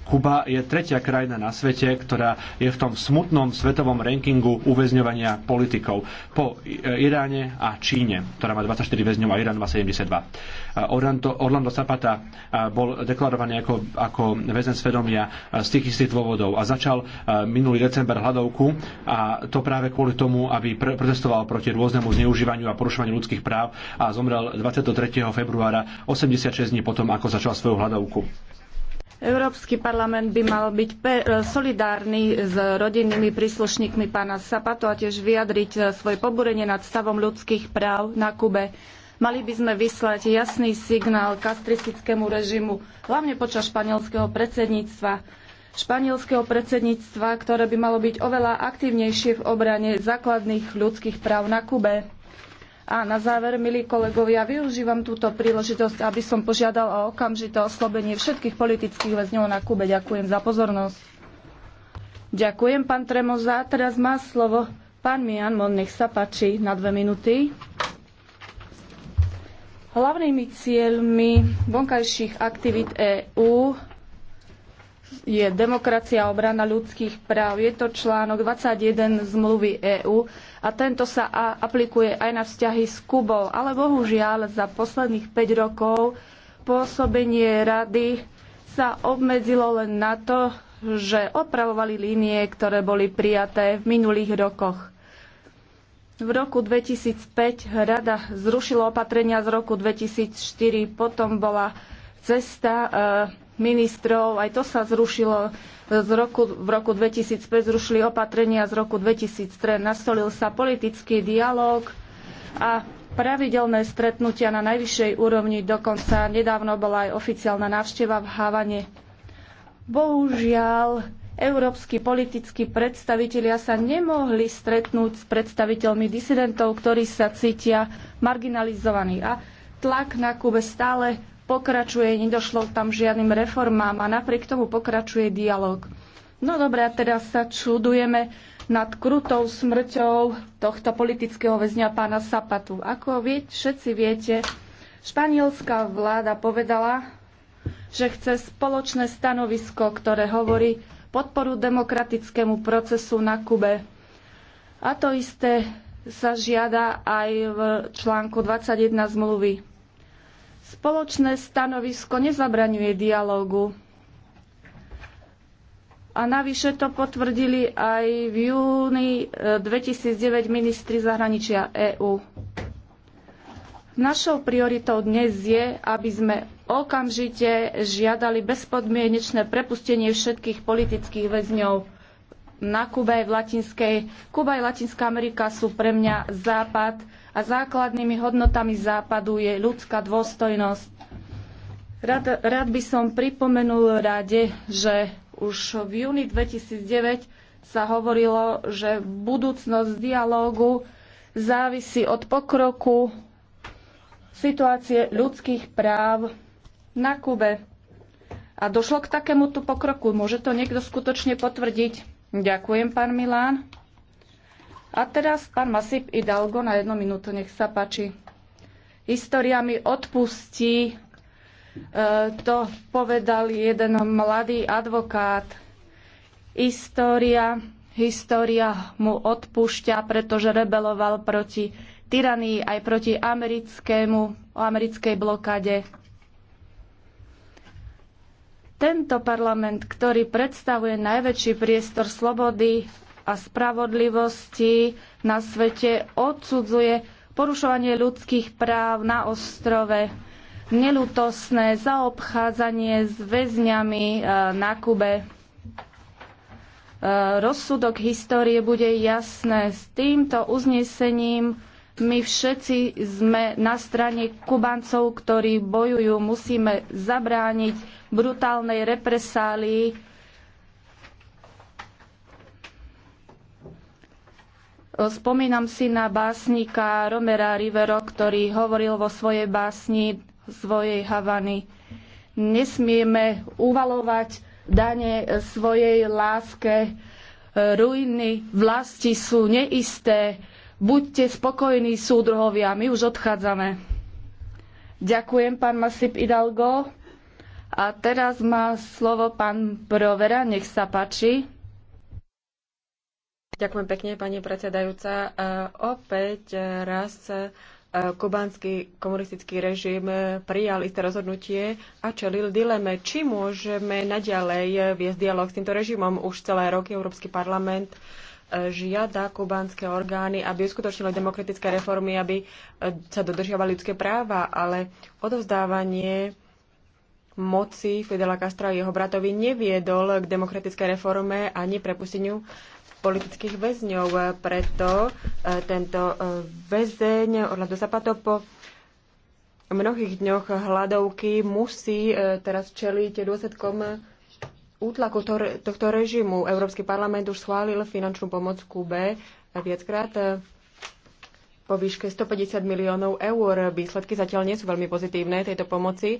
Kuba je tretia krajina na svete, ktorá je v tom smutnom svetovom rankingu uväzňovania politikov po e, Iráne a Číne, ktorá má 24 väzňov a Irán má 72. E, Orlando, Orlando Zapata e, bol deklarovaný ako, ako väzen svedomia z tých istých dôvodov a začal minulý december hľadovku a to práve kvôli tomu, aby protestoval proti rôznemu zneužívaniu a porušovaniu ľudských práv a zomrel 23. februára 86 dní potom, ako začal svoju hľadovku. Európsky parlament by mal byť solidárny s rodinnými príslušníkmi pána Sapato a tiež vyjadriť eh, svoje poburenie nad stavom ľudských práv na Kube. Mali by sme vyslať jasný signál kastristickému režimu, hlavne počas španielského predsedníctva. Španielského predsedníctva, ktoré by malo byť oveľa aktívnejšie v obrane základných ľudských práv na Kube. A na záver, milí kolegovia, využívam túto príležitosť, aby som požiadal o okamžité oslobenie všetkých politických väzňov na Kube. Ďakujem za pozornosť. Ďakujem, pán Tremoza. Teraz má slovo pán Mian Mon, nech sa páči, na dve minúty. Hlavnými cieľmi vonkajších aktivít EÚ je demokracia a obrana ľudských práv. Je to článok 21 zmluvy EÚ a tento sa aplikuje aj na vzťahy s Kubou. Ale bohužiaľ za posledných 5 rokov pôsobenie rady sa obmedzilo len na to, že opravovali línie, ktoré boli prijaté v minulých rokoch. V roku 2005 rada zrušila opatrenia z roku 2004, potom bola cesta e, ministrov. Aj to sa zrušilo z roku, v roku 2005, zrušili opatrenia z roku 2003. Nastolil sa politický dialog a pravidelné stretnutia na najvyššej úrovni. Dokonca nedávno bola aj oficiálna návšteva v Havane. Bohužiaľ, európsky politickí predstavitelia sa nemohli stretnúť s predstaviteľmi disidentov, ktorí sa cítia marginalizovaní. A tlak na Kube stále pokračuje, nedošlo tam žiadnym reformám a napriek tomu pokračuje dialog. No dobré, a teraz sa čudujeme nad krutou smrťou tohto politického väzňa pána Sapatu. Ako vie, všetci viete, španielská vláda povedala, že chce spoločné stanovisko, ktoré hovorí podporu demokratickému procesu na Kube. A to isté sa žiada aj v článku 21 zmluvy. Spoločné stanovisko nezabraňuje dialogu. A navyše to potvrdili aj v júni 2009 e, ministri zahraničia EÚ. Našou prioritou dnes je, aby sme okamžite žiadali bezpodmienečné prepustenie všetkých politických väzňov na Kube aj v Latinskej. Kuba aj Latinská Amerika sú pre mňa západ a základnými hodnotami západu je ľudská dôstojnosť. Rád, rád by som pripomenul rade, že už v júni 2009 sa hovorilo, že budúcnosť dialógu závisí od pokroku situácie ľudských práv na Kube. A došlo k takémuto pokroku. Môže to niekto skutočne potvrdiť? Ďakujem, pán Milán. A teraz pán Masip Hidalgo na jednu minútu, nech sa páči. História mi odpustí, e, to povedal jeden mladý advokát. História, história mu odpúšťa, pretože rebeloval proti tyranii aj proti americkému, americkej blokade tento parlament, ktorý predstavuje najväčší priestor slobody a spravodlivosti na svete, odsudzuje porušovanie ľudských práv na ostrove, nelutosné zaobchádzanie s väzňami e, na Kube. E, rozsudok histórie bude jasné. S týmto uznesením my všetci sme na strane Kubancov, ktorí bojujú. Musíme zabrániť brutálnej represálii Spomínam si na básnika Romera Rivero, ktorý hovoril vo svojej básni svojej Havany. Nesmieme uvalovať dane svojej láske. Ruiny vlasti sú neisté. Buďte spokojní, súdruhovia, my už odchádzame. Ďakujem, pán Masip Hidalgo. A teraz má slovo pán Provera, nech sa páči. Ďakujem pekne, pani predsedajúca. E, opäť raz e, kubánsky komunistický režim prijal isté rozhodnutie a čelil dileme, či môžeme naďalej viesť dialog s týmto režimom. Už celé roky Európsky parlament e, žiada kubánske orgány, aby uskutočnili demokratické reformy, aby sa dodržiavali ľudské práva, ale odovzdávanie moci Fidela Castro a jeho bratovi neviedol k demokratickej reforme ani prepusteniu politických väzňov. Preto eh, tento eh, väzeň Orlando Zapato po mnohých dňoch hladovky musí eh, teraz čeliť dôsledkom útlaku tohto režimu. Európsky parlament už schválil finančnú pomoc Kube viackrát po výške 150 miliónov eur. Výsledky zatiaľ nie sú veľmi pozitívne tejto pomoci. E,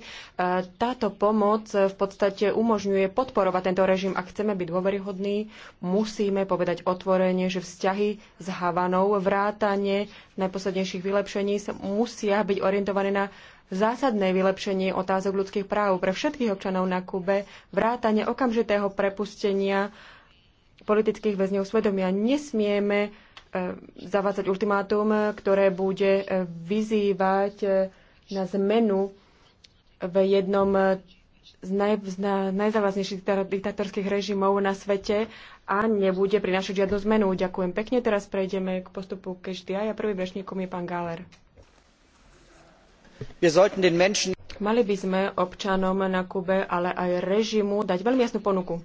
táto pomoc v podstate umožňuje podporovať tento režim. Ak chceme byť dôveryhodní, musíme povedať otvorene, že vzťahy s Havanou, vrátanie najposlednejších vylepšení sa musia byť orientované na zásadné vylepšenie otázok ľudských práv pre všetkých občanov na Kube, vrátanie okamžitého prepustenia politických väzňov svedomia. Nesmieme Eh, zavádzať ultimátum, ktoré bude eh, vyzývať eh, na zmenu v jednom z, naj, z najzávaznejších diktatorských režimov na svete a nebude prinášať žiadnu zmenu. Ďakujem pekne. Teraz prejdeme k postupu KHDI a prvým rečníkom je pán Galer. Mali by sme občanom na Kube, ale aj režimu dať veľmi jasnú ponuku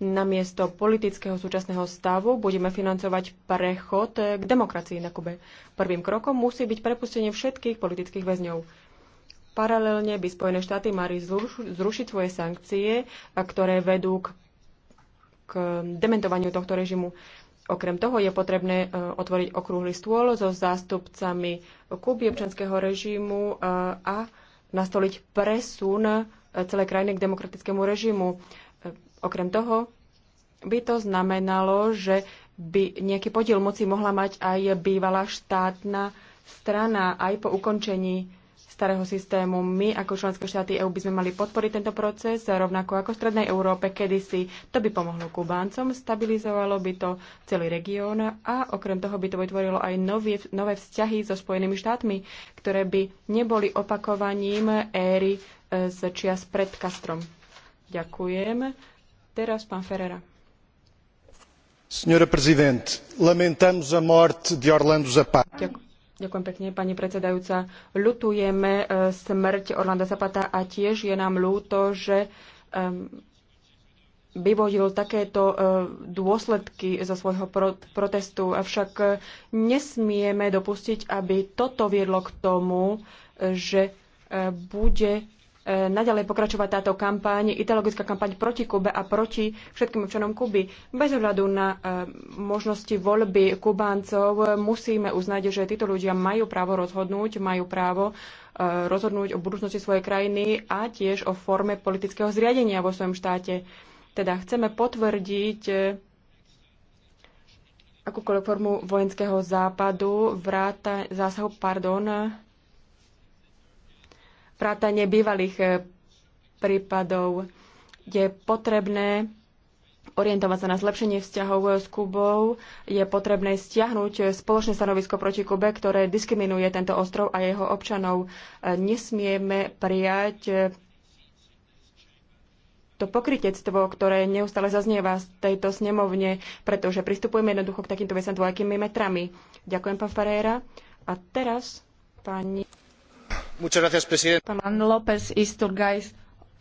namiesto politického súčasného stavu budeme financovať prechod k demokracii na Kube. Prvým krokom musí byť prepustenie všetkých politických väzňov. Paralelne by Spojené štáty mali zrušiť svoje sankcie, ktoré vedú k, k dementovaniu tohto režimu. Okrem toho je potrebné e, otvoriť okrúhly stôl so zástupcami Kuby občanského režimu e, a nastoliť presun e, celé krajiny k demokratickému režimu. Okrem toho by to znamenalo, že by nejaký podiel moci mohla mať aj bývalá štátna strana aj po ukončení starého systému. My ako členské štáty EÚ by sme mali podporiť tento proces, rovnako ako v Strednej Európe kedysi. To by pomohlo Kubáncom, stabilizovalo by to celý región a okrem toho by to vytvorilo aj nové, nové vzťahy so Spojenými štátmi, ktoré by neboli opakovaním éry e, z čias pred Kastrom. Ďakujem. Teraz pán Ferrera. Senhora Presidente, lamentamos a morte de Orlando Zapata. Ďakujem. pekne, pani predsedajúca. Lutujeme eh, smrť Orlanda Zapata a tiež je nám ľúto, že vyvodil takéto eh, dôsledky zo svojho pro- protestu. Avšak eh, nesmieme dopustiť, aby toto viedlo k tomu, že bude E, naďalej pokračovať táto kampaň, ideologická kampaň proti Kube a proti všetkým občanom Kuby. Bez ohľadu na e, možnosti voľby Kubáncov musíme uznať, že títo ľudia majú právo rozhodnúť, majú právo e, rozhodnúť o budúcnosti svojej krajiny a tiež o forme politického zriadenia vo svojom štáte. Teda chceme potvrdiť akúkoľvek formu vojenského západu, vráta, zásahu, pardon, vrátane bývalých eh, prípadov. Je potrebné orientovať sa na zlepšenie vzťahov eh, s Kubou, je potrebné stiahnuť eh, spoločné stanovisko proti Kube, ktoré diskriminuje tento ostrov a jeho občanov. Nesmieme prijať to pokritectvo, ktoré neustále zaznieva z tejto snemovne, pretože pristupujeme jednoducho k takýmto vesem dvojakými metrami. Ďakujem, pán Ferreira. A teraz pani Pán López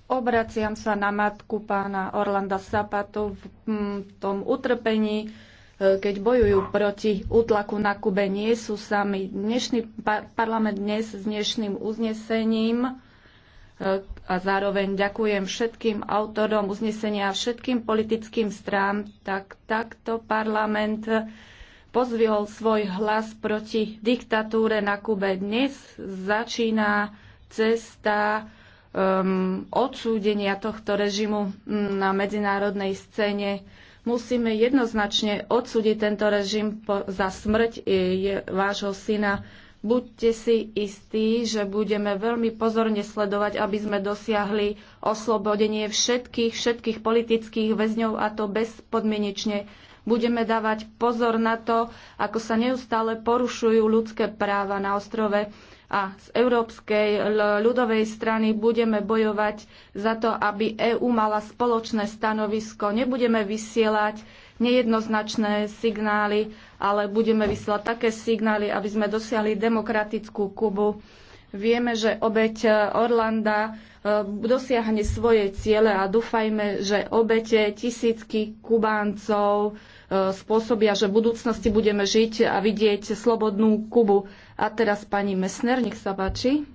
obraciam sa na matku pána Orlanda Sapatu v mm, tom utrpení, e, keď bojujú proti útlaku na Kube. Nie sú sami. Dnešný parlament dnes s dnešným uznesením e, a zároveň ďakujem všetkým autorom uznesenia a všetkým politickým strám, tak takto parlament pozvihol svoj hlas proti diktatúre na Kube. Dnes začína cesta um, odsúdenia tohto režimu na medzinárodnej scéne. Musíme jednoznačne odsúdiť tento režim po, za smrť je, je, vášho syna. Buďte si istí, že budeme veľmi pozorne sledovať, aby sme dosiahli oslobodenie všetkých, všetkých politických väzňov a to bezpodmienečne. Budeme dávať pozor na to, ako sa neustále porušujú ľudské práva na ostrove a z Európskej ľudovej strany budeme bojovať za to, aby EÚ mala spoločné stanovisko. Nebudeme vysielať nejednoznačné signály, ale budeme vysielať také signály, aby sme dosiahli demokratickú Kubu. Vieme, že obeď e, Orlanda e, dosiahne svoje ciele a dúfajme, že obete tisícky Kubáncov spôsobia, že v budúcnosti budeme žiť a vidieť slobodnú Kubu. A teraz pani Mesner, nech sa páči.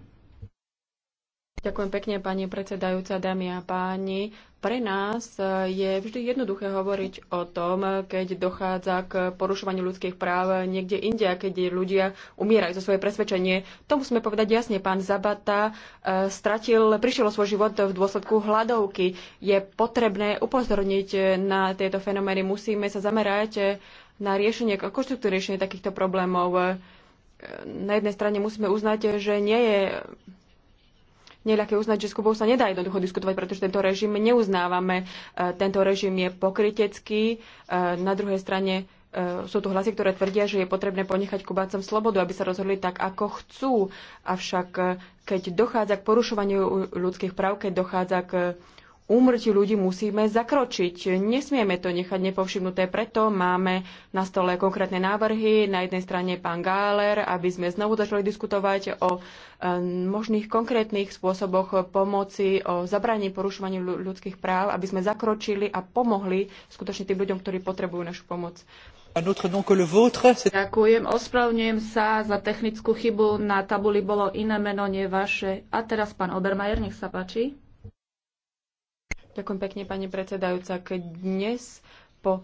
Ďakujem pekne, pani predsedajúca, dámy a páni. Pre nás e, je vždy jednoduché hovoriť o tom, keď dochádza k porušovaniu ľudských práv niekde inde a keď ľudia umierajú za svoje presvedčenie. To musíme povedať jasne. Pán Zabata e, stratil, prišiel o svoj život v dôsledku hladovky. Je potrebné upozorniť na tieto fenomény. Musíme sa zamerať e, na riešenie, konštruktúre riešenie takýchto problémov. Na jednej strane musíme uznať, že nie je neľahké uznať, že s Kubou sa nedá jednoducho diskutovať, pretože tento režim neuznávame. E, tento režim je pokrytecký. E, na druhej strane e, sú tu hlasy, ktoré tvrdia, že je potrebné ponechať Kubácom slobodu, aby sa rozhodli tak, ako chcú. Avšak keď dochádza k porušovaniu ľudských práv, keď dochádza k Úmrtí ľudí musíme zakročiť. Nesmieme to nechať nepovšimnuté, preto máme na stole konkrétne návrhy. Na jednej strane pán Gáler, aby sme znovu začali diskutovať o e, možných konkrétnych spôsoboch pomoci, o zabraní porušovaní ľudských práv, aby sme zakročili a pomohli skutočne tým ľuďom, ktorí potrebujú našu pomoc. Ďakujem, ospravňujem sa za technickú chybu. Na tabuli bolo iné meno, nie vaše. A teraz pán Obermajer, nech sa páči. Ďakujem pekne, pani predsedajúca. Keď dnes po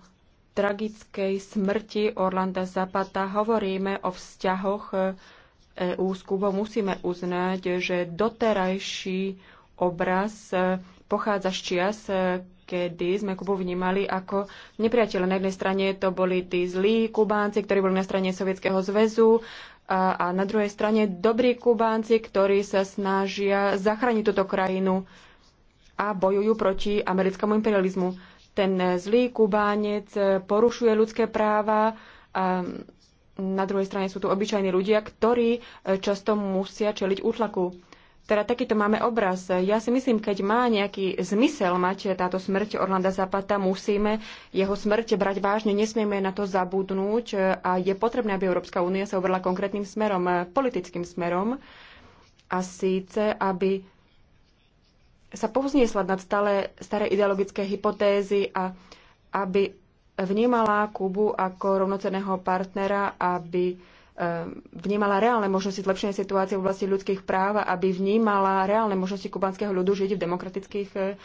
tragickej smrti Orlanda Zapata hovoríme o vzťahoch EÚ eh, e s Kubou, musíme uznať, že doterajší obraz eh, pochádza z čias, eh, kedy sme Kubu vnímali ako nepriateľa. Na jednej strane to boli tí zlí Kubánci, ktorí boli na strane Sovietskeho zväzu, a, a na druhej strane dobrí Kubánci, ktorí sa snažia zachrániť túto krajinu a bojujú proti americkému imperializmu. Ten zlý Kubánec porušuje ľudské práva a na druhej strane sú tu obyčajní ľudia, ktorí e, často musia čeliť útlaku. Teda takýto máme obraz. Ja si myslím, keď má nejaký zmysel mať táto smrť Orlanda Zapata, musíme jeho smrť brať vážne, nesmieme na to zabudnúť a je potrebné, aby Európska únia sa uberla konkrétnym smerom, politickým smerom a síce, aby sa povzniesla nad stále, staré ideologické hypotézy a aby vnímala Kubu ako rovnoceného partnera, aby ehm, vnímala reálne možnosti zlepšenia situácie v oblasti ľudských práv, aby vnímala reálne možnosti kubanského ľudu žiť v demokratických eh,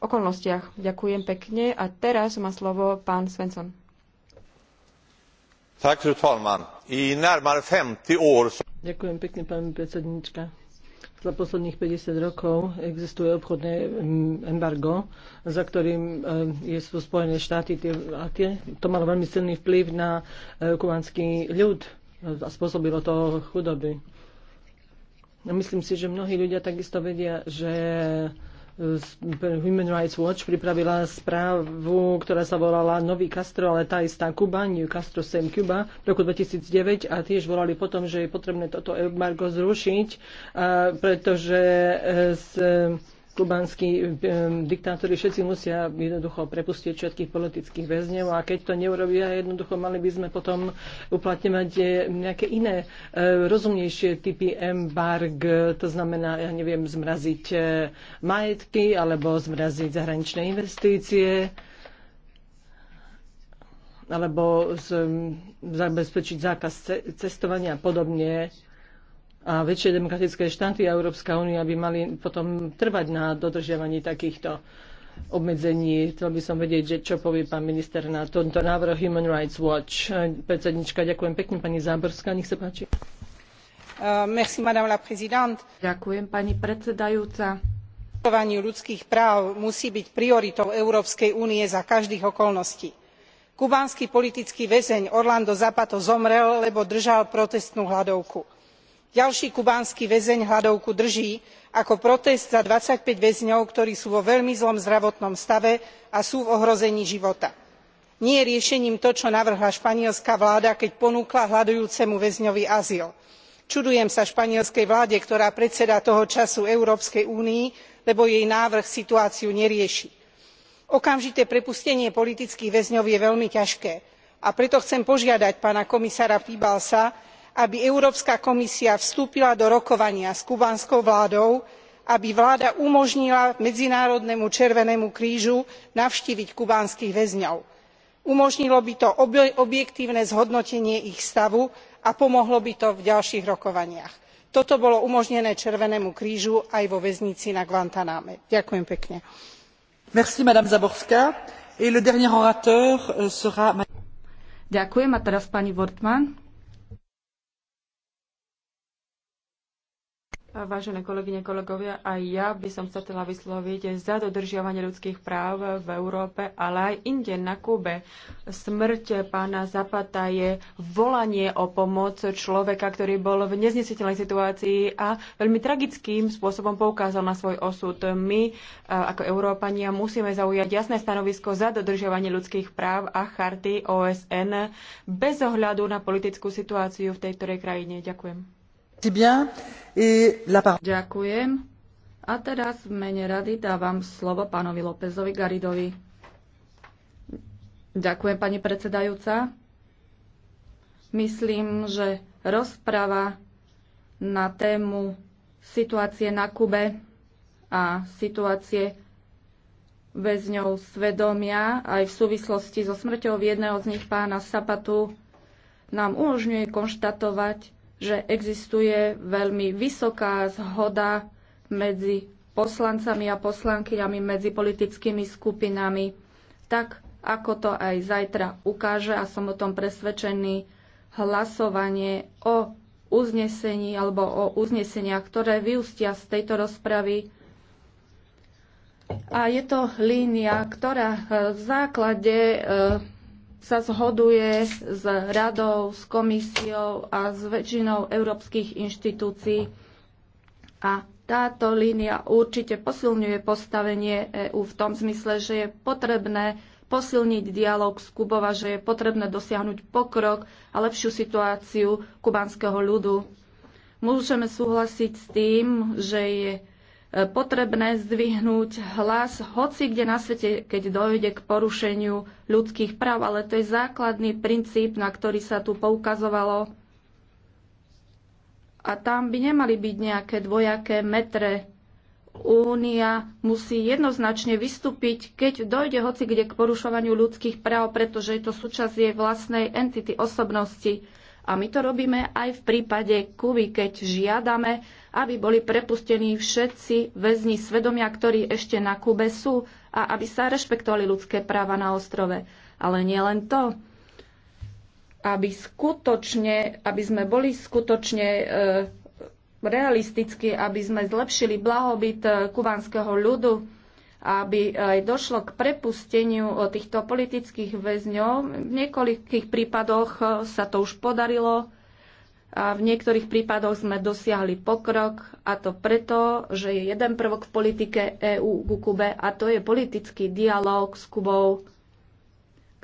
okolnostiach. Ďakujem pekne a teraz má slovo pán Svensson. Ďakujem pekne, pani predsednička za posledných 50 rokov existuje obchodné mm, embargo, za ktorým eh, je, sú Spojené štáty tie, a tie, to malo veľmi silný vplyv na eh, kubanský ľud eh, a spôsobilo to chudoby. Myslím si, že mnohí ľudia takisto vedia, že Eh, Human Rights Watch pripravila správu, ktorá sa volala Nový Castro, ale tá istá Kuba, New Castro Sem Cuba, v roku 2009 a tiež volali potom, že je potrebné toto embargo zrušiť, eh, pretože z eh, e, diktátori všetci musia jednoducho prepustiť všetkých politických väzňov a keď to neurobia, jednoducho mali by sme potom uplatňovať eh, nejaké iné eh, rozumnejšie typy embarg, to znamená, ja neviem, zmraziť eh, majetky alebo zmraziť zahraničné investície alebo zabezpečiť zákaz cestovania a podobne a väčšie demokratické štáty a Európska únia by mali potom trvať na dodržiavaní takýchto obmedzení. Chcel by som vedieť, že čo povie pán minister na tento návrh Human Rights Watch. Predsednička, ďakujem pekne. Pani Záborská, nech sa páči. Uh, merci, madame la présidente. Ďakujem, pani predsedajúca. ľudských práv musí byť prioritou Európskej únie za každých okolností. Kubánsky politický väzeň Orlando Zapato zomrel, lebo držal protestnú hladovku ďalší kubánsky väzeň hladovku drží ako protest za twenty five väzňov ktorí sú vo veľmi zlom zdravotnom stave a sú v ohrození života. nie je riešením to čo navrhla španielska vláda keď ponúkla hladujúcemu väzňovi azyl. čudujem sa španielskej vláde ktorá predsedá toho času európskej únii lebo jej návrh situáciu nerieši. okamžité prepustenie politických väzňov je veľmi ťažké a preto chcem požiadať pána komisára piebalgsa aby európska komisia vstúpila do rokovania s kubánskou vládou aby vláda umožnila medzinárodnému červenému krížu navštíviť kubánskych väzňov. umožnilo by to objektívne zhodnotenie ich stavu a pomohlo by to v ďalších rokovaniach. toto bolo umožnené červenému krížu aj vo väznici na guantaname. ďakujem pekne. Euh, a teraz pani Vážené kolegyne, kolegovia, aj ja by som sa chcela vysloviť za dodržiavanie ľudských práv v Európe, ale aj inde na Kube. Smrť pána Zapata je volanie o pomoc človeka, ktorý bol v neznesiteľnej situácii a veľmi tragickým spôsobom poukázal na svoj osud. My e, ako Európania musíme zaujať jasné stanovisko za dodržiavanie ľudských práv a charty OSN bez ohľadu na politickú situáciu v tejto krajine. Ďakujem. Ďakujem. A teraz v mene rady dávam slovo pánovi Lópezovi Garidovi. Ďakujem, pani predsedajúca. Myslím, že rozprava na tému situácie na Kube a situácie väzňov svedomia aj v súvislosti so smrťou jedného z nich pána Sapatu nám umožňuje konštatovať, že existuje veľmi vysoká zhoda medzi poslancami a poslankyňami, medzi politickými skupinami, tak ako to aj zajtra ukáže a som o tom presvedčený, hlasovanie o uznesení alebo o uzneseniach, ktoré vyústia z tejto rozpravy. A je to línia, ktorá v základe e, sa zhoduje s radou, s komisiou a s väčšinou európskych inštitúcií. A táto línia určite posilňuje postavenie EÚ v tom zmysle, že je potrebné posilniť dialog s Kubova, že je potrebné dosiahnuť pokrok a lepšiu situáciu kubanského ľudu. Môžeme súhlasiť s tým, že je potrebné zdvihnúť hlas hoci kde na svete, keď dojde k porušeniu ľudských práv, ale to je základný princíp, na ktorý sa tu poukazovalo. A tam by nemali byť nejaké dvojaké metre. Únia musí jednoznačne vystúpiť, keď dojde hoci kde k porušovaniu ľudských práv, pretože je to súčasť jej vlastnej entity, osobnosti. A my to robíme aj v prípade Kuby, keď žiadame, aby boli prepustení všetci väzni svedomia, ktorí ešte na Kube sú a aby sa rešpektovali ľudské práva na ostrove. Ale nielen to, aby skutočne, aby sme boli skutočne e, realisticky, aby sme zlepšili blahobyt e, kubanského ľudu, aby aj došlo k prepusteniu eh, týchto politických väzňov. V niekoľkých prípadoch eh, sa to už podarilo a v niektorých prípadoch sme dosiahli pokrok a to preto, že je jeden prvok v politike EÚ ku Kube a to je politický dialog s Kubou,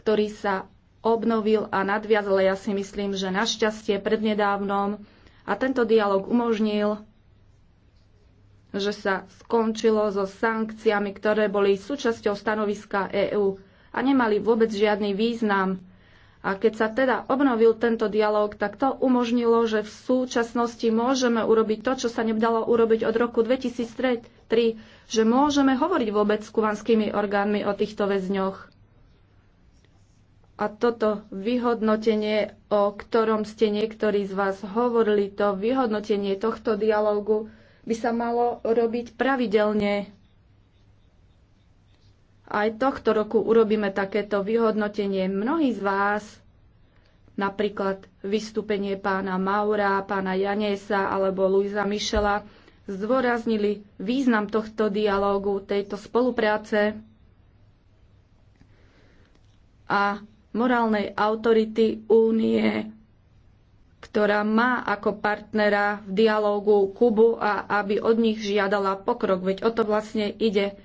ktorý sa obnovil a nadviazal. Ja si myslím, že našťastie prednedávnom a tento dialog umožnil že sa skončilo so sankciami, ktoré boli súčasťou stanoviska EÚ a nemali vôbec žiadny význam. A keď sa teda obnovil tento dialog, tak to umožnilo, že v súčasnosti môžeme urobiť to, čo sa nebdalo urobiť od roku 2003, že môžeme hovoriť vôbec s kubanskými orgánmi o týchto väzňoch. A toto vyhodnotenie, o ktorom ste niektorí z vás hovorili, to vyhodnotenie tohto dialogu by sa malo robiť pravidelne. Aj tohto roku urobíme takéto vyhodnotenie. Mnohí z vás, napríklad vystúpenie pána Maura, pána Janesa alebo Luisa Mišela, zdôraznili význam tohto dialógu, tejto spolupráce a morálnej autority únie ktorá má ako partnera v dialógu Kubu a aby od nich žiadala pokrok, veď o to vlastne ide.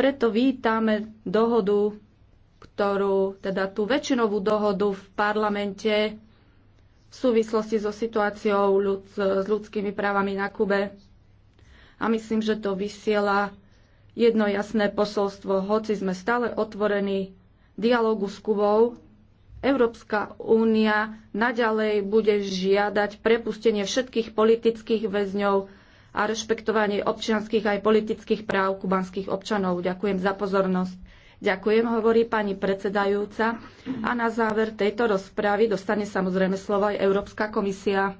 Preto vítame dohodu, ktorú, teda tú väčšinovú dohodu v parlamente v súvislosti so situáciou ľud, s ľudskými právami na Kube. A myslím, že to vysiela jedno jasné posolstvo, hoci sme stále otvorení dialogu s Kubou, Európska únia naďalej bude žiadať prepustenie všetkých politických väzňov a rešpektovanie občianských aj politických práv kubanských občanov. Ďakujem za pozornosť. Ďakujem, hovorí pani predsedajúca. A na záver tejto rozpravy dostane samozrejme slovo aj Európska komisia.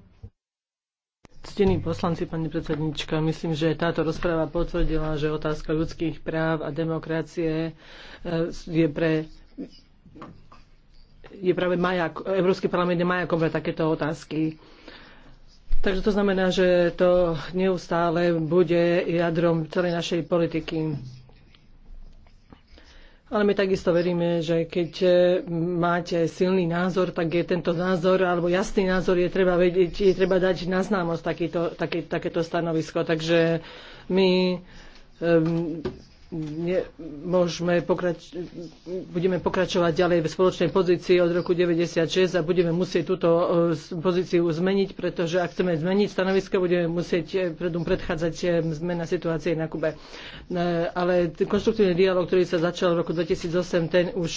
Ctení poslanci, pani predsednička, myslím, že táto rozpráva potvrdila, že otázka ľudských práv a demokracie eh, je pre je práve majak, Európsky parlament je majakom pre takéto otázky. Takže to znamená, že to neustále bude jadrom celej našej politiky. Ale my takisto veríme, že keď e, máte silný názor, tak je tento názor, alebo jasný názor, je treba, vedieť, je treba dať na známosť takýto, také, takéto stanovisko. Takže my um, môžeme pokrač- budeme pokračovať ďalej v spoločnej pozícii od roku 96 a budeme musieť túto e, pozíciu zmeniť, pretože ak chceme zmeniť stanovisko, budeme musieť e, predum predchádzať e, zmena situácie na Kube. Ale konštruktívny dialog, ktorý sa začal v roku 2008, ten už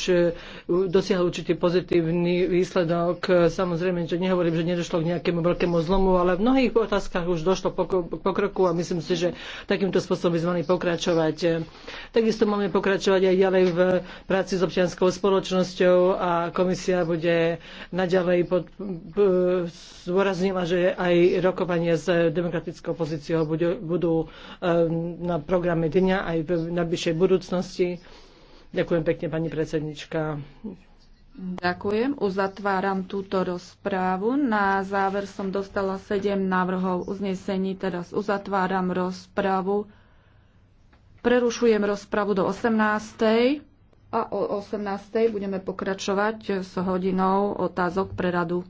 dosiahol určitý pozitívny výsledok. Samozrejme, že nehovorím, že nedošlo k nejakému veľkému zlomu, ale v mnohých otázkach už došlo k pokroku a myslím si, že takýmto spôsobom by sme mali pokračovať Takisto máme pokračovať aj ďalej v práci s občianskou spoločnosťou a komisia bude naďalej pod, zdôraznila, že aj rokovania s demokratickou pozíciou budú, budú e, na programe dňa aj v najbližšej budúcnosti. Ďakujem pekne, pani predsednička. Ďakujem. Uzatváram túto rozprávu. Na záver som dostala sedem návrhov uznesení. Teraz uzatváram rozprávu. Prerušujem rozpravu do 18. a o 18. budeme pokračovať s hodinou otázok pre radu.